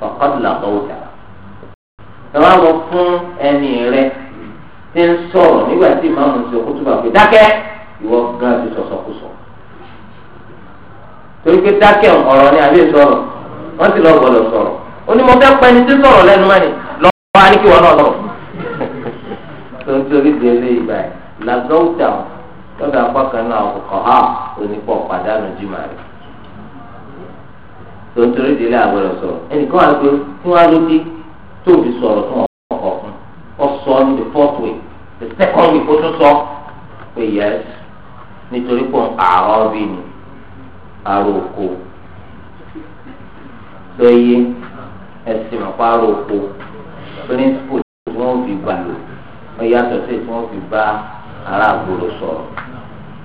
فقد لقوت tọ́wá mo fún ẹni rẹ tí ń sọ̀rọ̀ nígbà tí màmú ti òkú túbà pé dákẹ́ ìwọ gan ti sọ̀sọ̀kùsọ̀ torí pé dákẹ́ ọ̀rọ̀ ni àbí sọ̀rọ̀ wọ́n ti lọ gbọ́dọ̀ sọ̀rọ̀ ó ní mo fẹ́ pẹ́ ni tí sọ̀rọ̀ lẹ́nu náà lọ. torí di ha tó ń torí délé àgbẹ̀rẹ̀ sọ̀rọ̀ ẹnìkan wà pé kí wọ́n á ló dé tó fi sọ̀rọ̀ fún ọkọ̀ fún ọ sọ ní the fourth way the second way kó tó sọ pé yes nítorí pé àárọ̀ bí ni àròkò lóye ẹ̀sìn ọ̀pá àròkò principle tí wọ́n fi gbà lò wọ́n yàtọ̀ sí tí wọ́n fi bá ará àgbòrò sọ̀rọ̀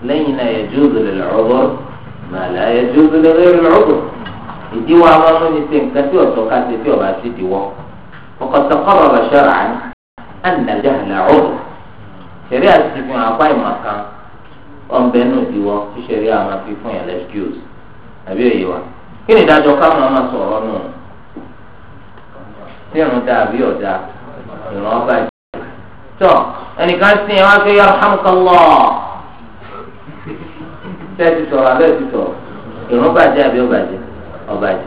lẹ́yìn náà yajuzu lil-'udhr ma la yajuzu li ghayri al-'udhr. ìdíwọ́ àwọn ọmọ ní nǹkan tí ọ̀tọ̀ ká ṣe tí ọ̀bá sì dìwọ́ ọ̀kọ̀tọ̀ kọ́rọ̀ rẹ̀ ṣọ́ra ẹ̀ ànàjà ṣẹ̀rí àti apá ìmọ̀ kan ọ̀nbẹ tí ṣẹ̀rí àwọn fi fún àbí òye wa kí ni ìdájọ́ káwọn máa sọ̀rọ̀ nù tí àbí ọ̀dà ọba ọba jù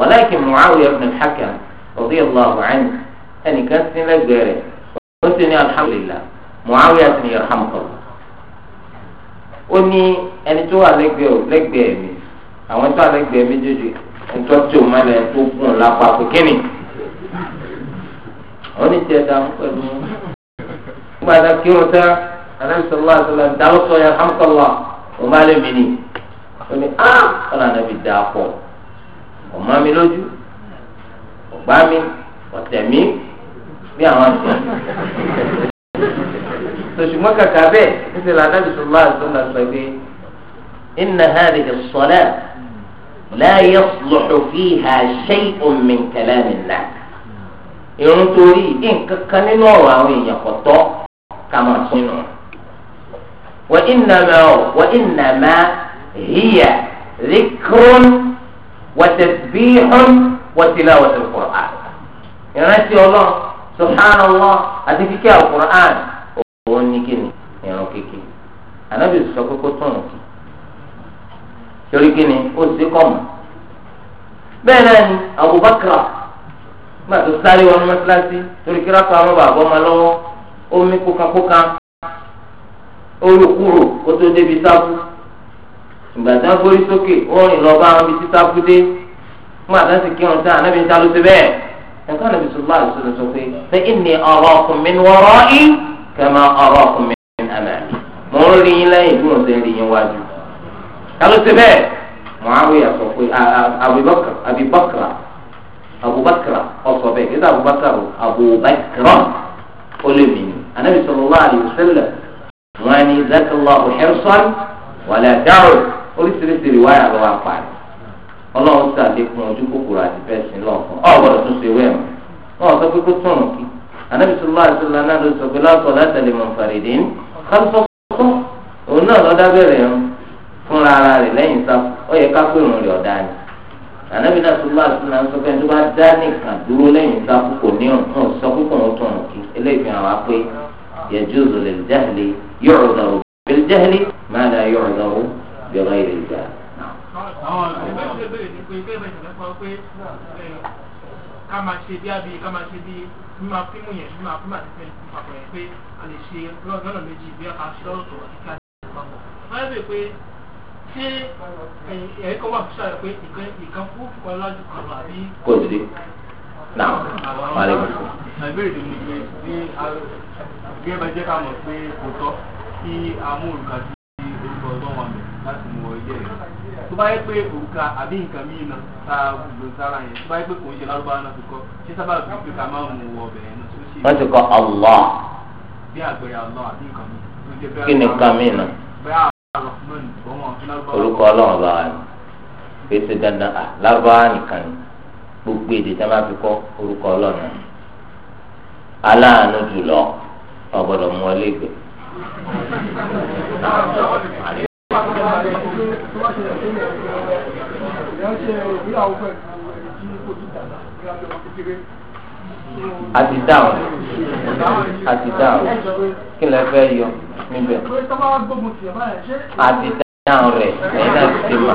wàláìkì Muawiya ibn al-Hakam radiyallahu anhu ẹnìkan sí lẹ́gbẹ̀ẹ́ rẹ̀ ó sì ní alhamdulillah Muawiya ibn yarhamukallah ó ní ẹni tó wà lẹ́gbẹ̀ẹ́ lẹ́gbẹ̀ẹ́ mi àwọn tó wà lẹ́gbẹ̀ẹ́ méjèèjì ntọ́ tí o máa lẹ tó gùn lápá kékeré àwọn ní tiẹ̀ dààmú pẹ̀lú wọn. nígbà kí wọn tẹ́ anamisọ́lá àtọ́lá dáwọ́ sọ yẹn alhamdulilah o máa mi ni. ó ní á ah! ọ̀nà ànábì dáa pọ̀ ọ̀mọ́ mi lójú ọ̀gbá mi ọ̀tẹ̀ mi bí àwọn àti sòṣùgbọ́n kàkà bẹ́ẹ̀ níṣẹ́ la Ànábì sallallahu alaihi wasallam sọ pé inna hadhihi as-salat la yasluhu fiha shay'un min kalamin nas irun torí nǹkan kan nínú ọ̀rọ̀ àwọn èèyàn kò tọ́ ká máa sún nù. wa innama wa innama hiya dhikrun wàtẹ̀síbíhùn wàtílà wàtẹ̀ kùrán ìrántí ọlọ́run subhanallah àti kíkẹ́ àkùrán òun ní kíni ìrún kíkì ànábì sọ pé kó tún un kí torí kíni ó sì kọ́ mọ́ bẹ́ẹ̀ náà ni Abubakar nígbà tó sáré wọnú mọ́sálásí torí kíra pa ọmọ bàbá ọmọ lọ́wọ́ ó mí kókankókan ó rò kúrò kó tó débi sáfù ìgbàdá gbórí sókè ó rìn lọ bá wọn bí títà kúdé fún àtàntì kírun tá ànábì ń ta ló ti bẹ́ẹ̀ nǹkan ànábì sọlá àlùsọlù sọ pé ṣé ìní ọ̀rọ̀ ọkùnrin wọ́rọ́ í kẹ́mà ọ̀rọ̀ ọkùnrin àmàlì mò ń rí yín lẹ́yìn bí wọ́n ṣe ń rí yín wájú. ta ló ti bẹ́ẹ̀ Muawiya sọ pé Abubakar Abubakar ọsọ bẹ́ẹ̀ kí Abubakar Abubakar ó lè mí ni ànábì ni zakallahu hirsan wàlẹ́ dáhùn oríṣiríṣi ìwáyà lọ́wọ́ apààyàn ọlọ́run ti àlékún ojú kòkòrò àti bẹ́ẹ̀ sí lọ́ọ̀ fún ọ gbọ́dọ̀ tún ṣe wẹ́ẹ̀mù wọn sọ pé kó túnrùn kí anábì sọlá àtúnlá náà ló sọ pé láàpọ̀ látàlẹ́ mọ̀ fàrẹ̀dẹ́ ní kálífọ́fọ́ òun náà lọ́dá bẹ̀rẹ̀ ń fúnra ara rẹ̀ lẹ́yìn sáfù ó yẹ ká pé òun rẹ̀ ọ̀dá ni anábì náà sọlá àtúnlá sọ pé tó bá dá sọ pé kò ń bẹ̀rẹ̀ ìlú ìjà. àwọn ẹgbẹ́ ìṣe bèrè ni pé bẹ́ẹ̀ bẹ́ẹ̀ sọ pé ká máa ṣe bí àbí ká máa ṣe bí mímọ fíìmù yẹn mímọ fíìmù àti fẹ́ẹ̀ fún papọ̀ yẹn pé a lè ṣe lọ́nà méjì bí a ṣe lọ́tọ̀ àti ká ṣe papọ̀. wọ́n yẹ pé ṣé ẹ̀rí kan wà fún ṣàlẹ̀ pé ìkan ìkan fún ọlájú kan lọ àbí. kò sí ni pé ní gẹ́gẹ́ bá jẹ́ ká mọ̀ pé kò tọ́ kí amóhùn kájú tó bá yẹ pé òǹkà àbí nǹkan míì náà tá a sára yẹn tó bá yẹ pé kò ń ṣe lárúbáwá náà ti kọ ṣé sábà bí pé ká máa mú ọbẹ̀ yẹn náà tó ṣe. wọ́n ti kọ Allah. bí àgbẹ̀rẹ̀ Allah àbí nǹkan míì. kí ni nǹkan míì náà. orúkọ ọlọ́run bá wà ní pèsè dandan à lárúbáwá nìkan ni gbogbo èdè tá a máa fi kọ orúkọ ọlọ́run náà. aláàánú jùlọ ọ̀gbọ́dọ̀ mú ọ lẹ́gbẹ̀ẹ́. a ti dáhùn a ti dáhùn kí lè fẹ́ yọ níbẹ̀ a ti dáhùn rẹ̀ ẹ̀yin náà ti ti mà.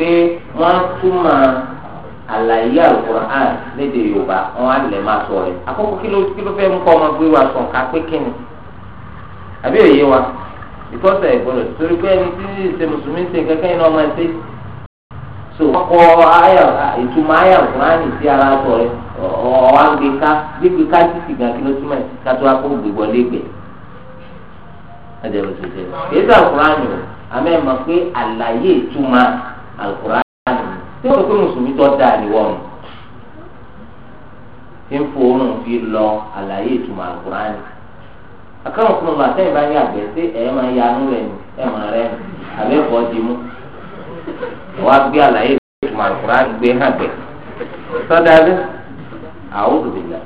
pé wọ́n túmọ̀ àlàyé alukur'an léde yorùbá wọn á lè máa sọ rẹ̀ àkókò kí ló kí ló fẹ́ ọmọ gbé wa sàn ká pé kí àbí òye wa ìgbọ́dọ̀ torí pé ẹni tí ṣe mùsùlùmí ṣe kẹ́kẹ́ iná ọmọ ẹ̀ṣẹ́ so wọ́n ìtumọ̀ alukur'an ara sọ ọ̀wá gbé ká ká sí kí ló túmọ̀ ká tó alukur'an tí wọ́n pè mùsùlùmí tó dáa ni wọ́n fi ń fo fi lọ àlàyé ìtumọ̀ alukur'an akáwọn fún ọba na bá sí ẹ̀ máa ya anú rẹ̀ ni ẹ̀ máa rẹ̀ ni àbẹ́fọ́ di mú wọ́n á gbé àlàyé ìtumọ̀ alukur'an gbé hàn sọ́dọ̀ abẹ́ àwọn òdòdó ìlà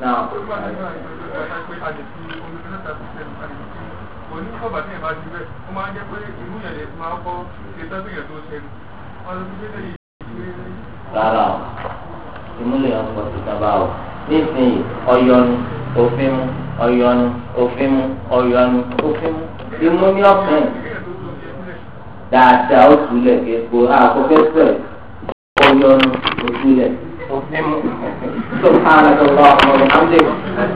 náà. òní kọ̀bà tí ìbá ti bẹ̀ ó máa ń jẹ́ pé ìlú yẹn lè máa kọ́ ṣe tọ́bìyàn tó ṣe wọ́n lọ sí lẹ́yìn ìṣe. rárá o ìmúlẹ̀ ọkọ̀ ti tàbá o nísìnyí ọyọnu òfin mu ọyọnu òfin mu ọyọnu òfin mu ìmú ní ọ̀kan dáadáa ó túlẹ̀ kéko àkókò ọyọnu òtúlẹ̀ òfin mu. سبحانك اللهم وبحمدك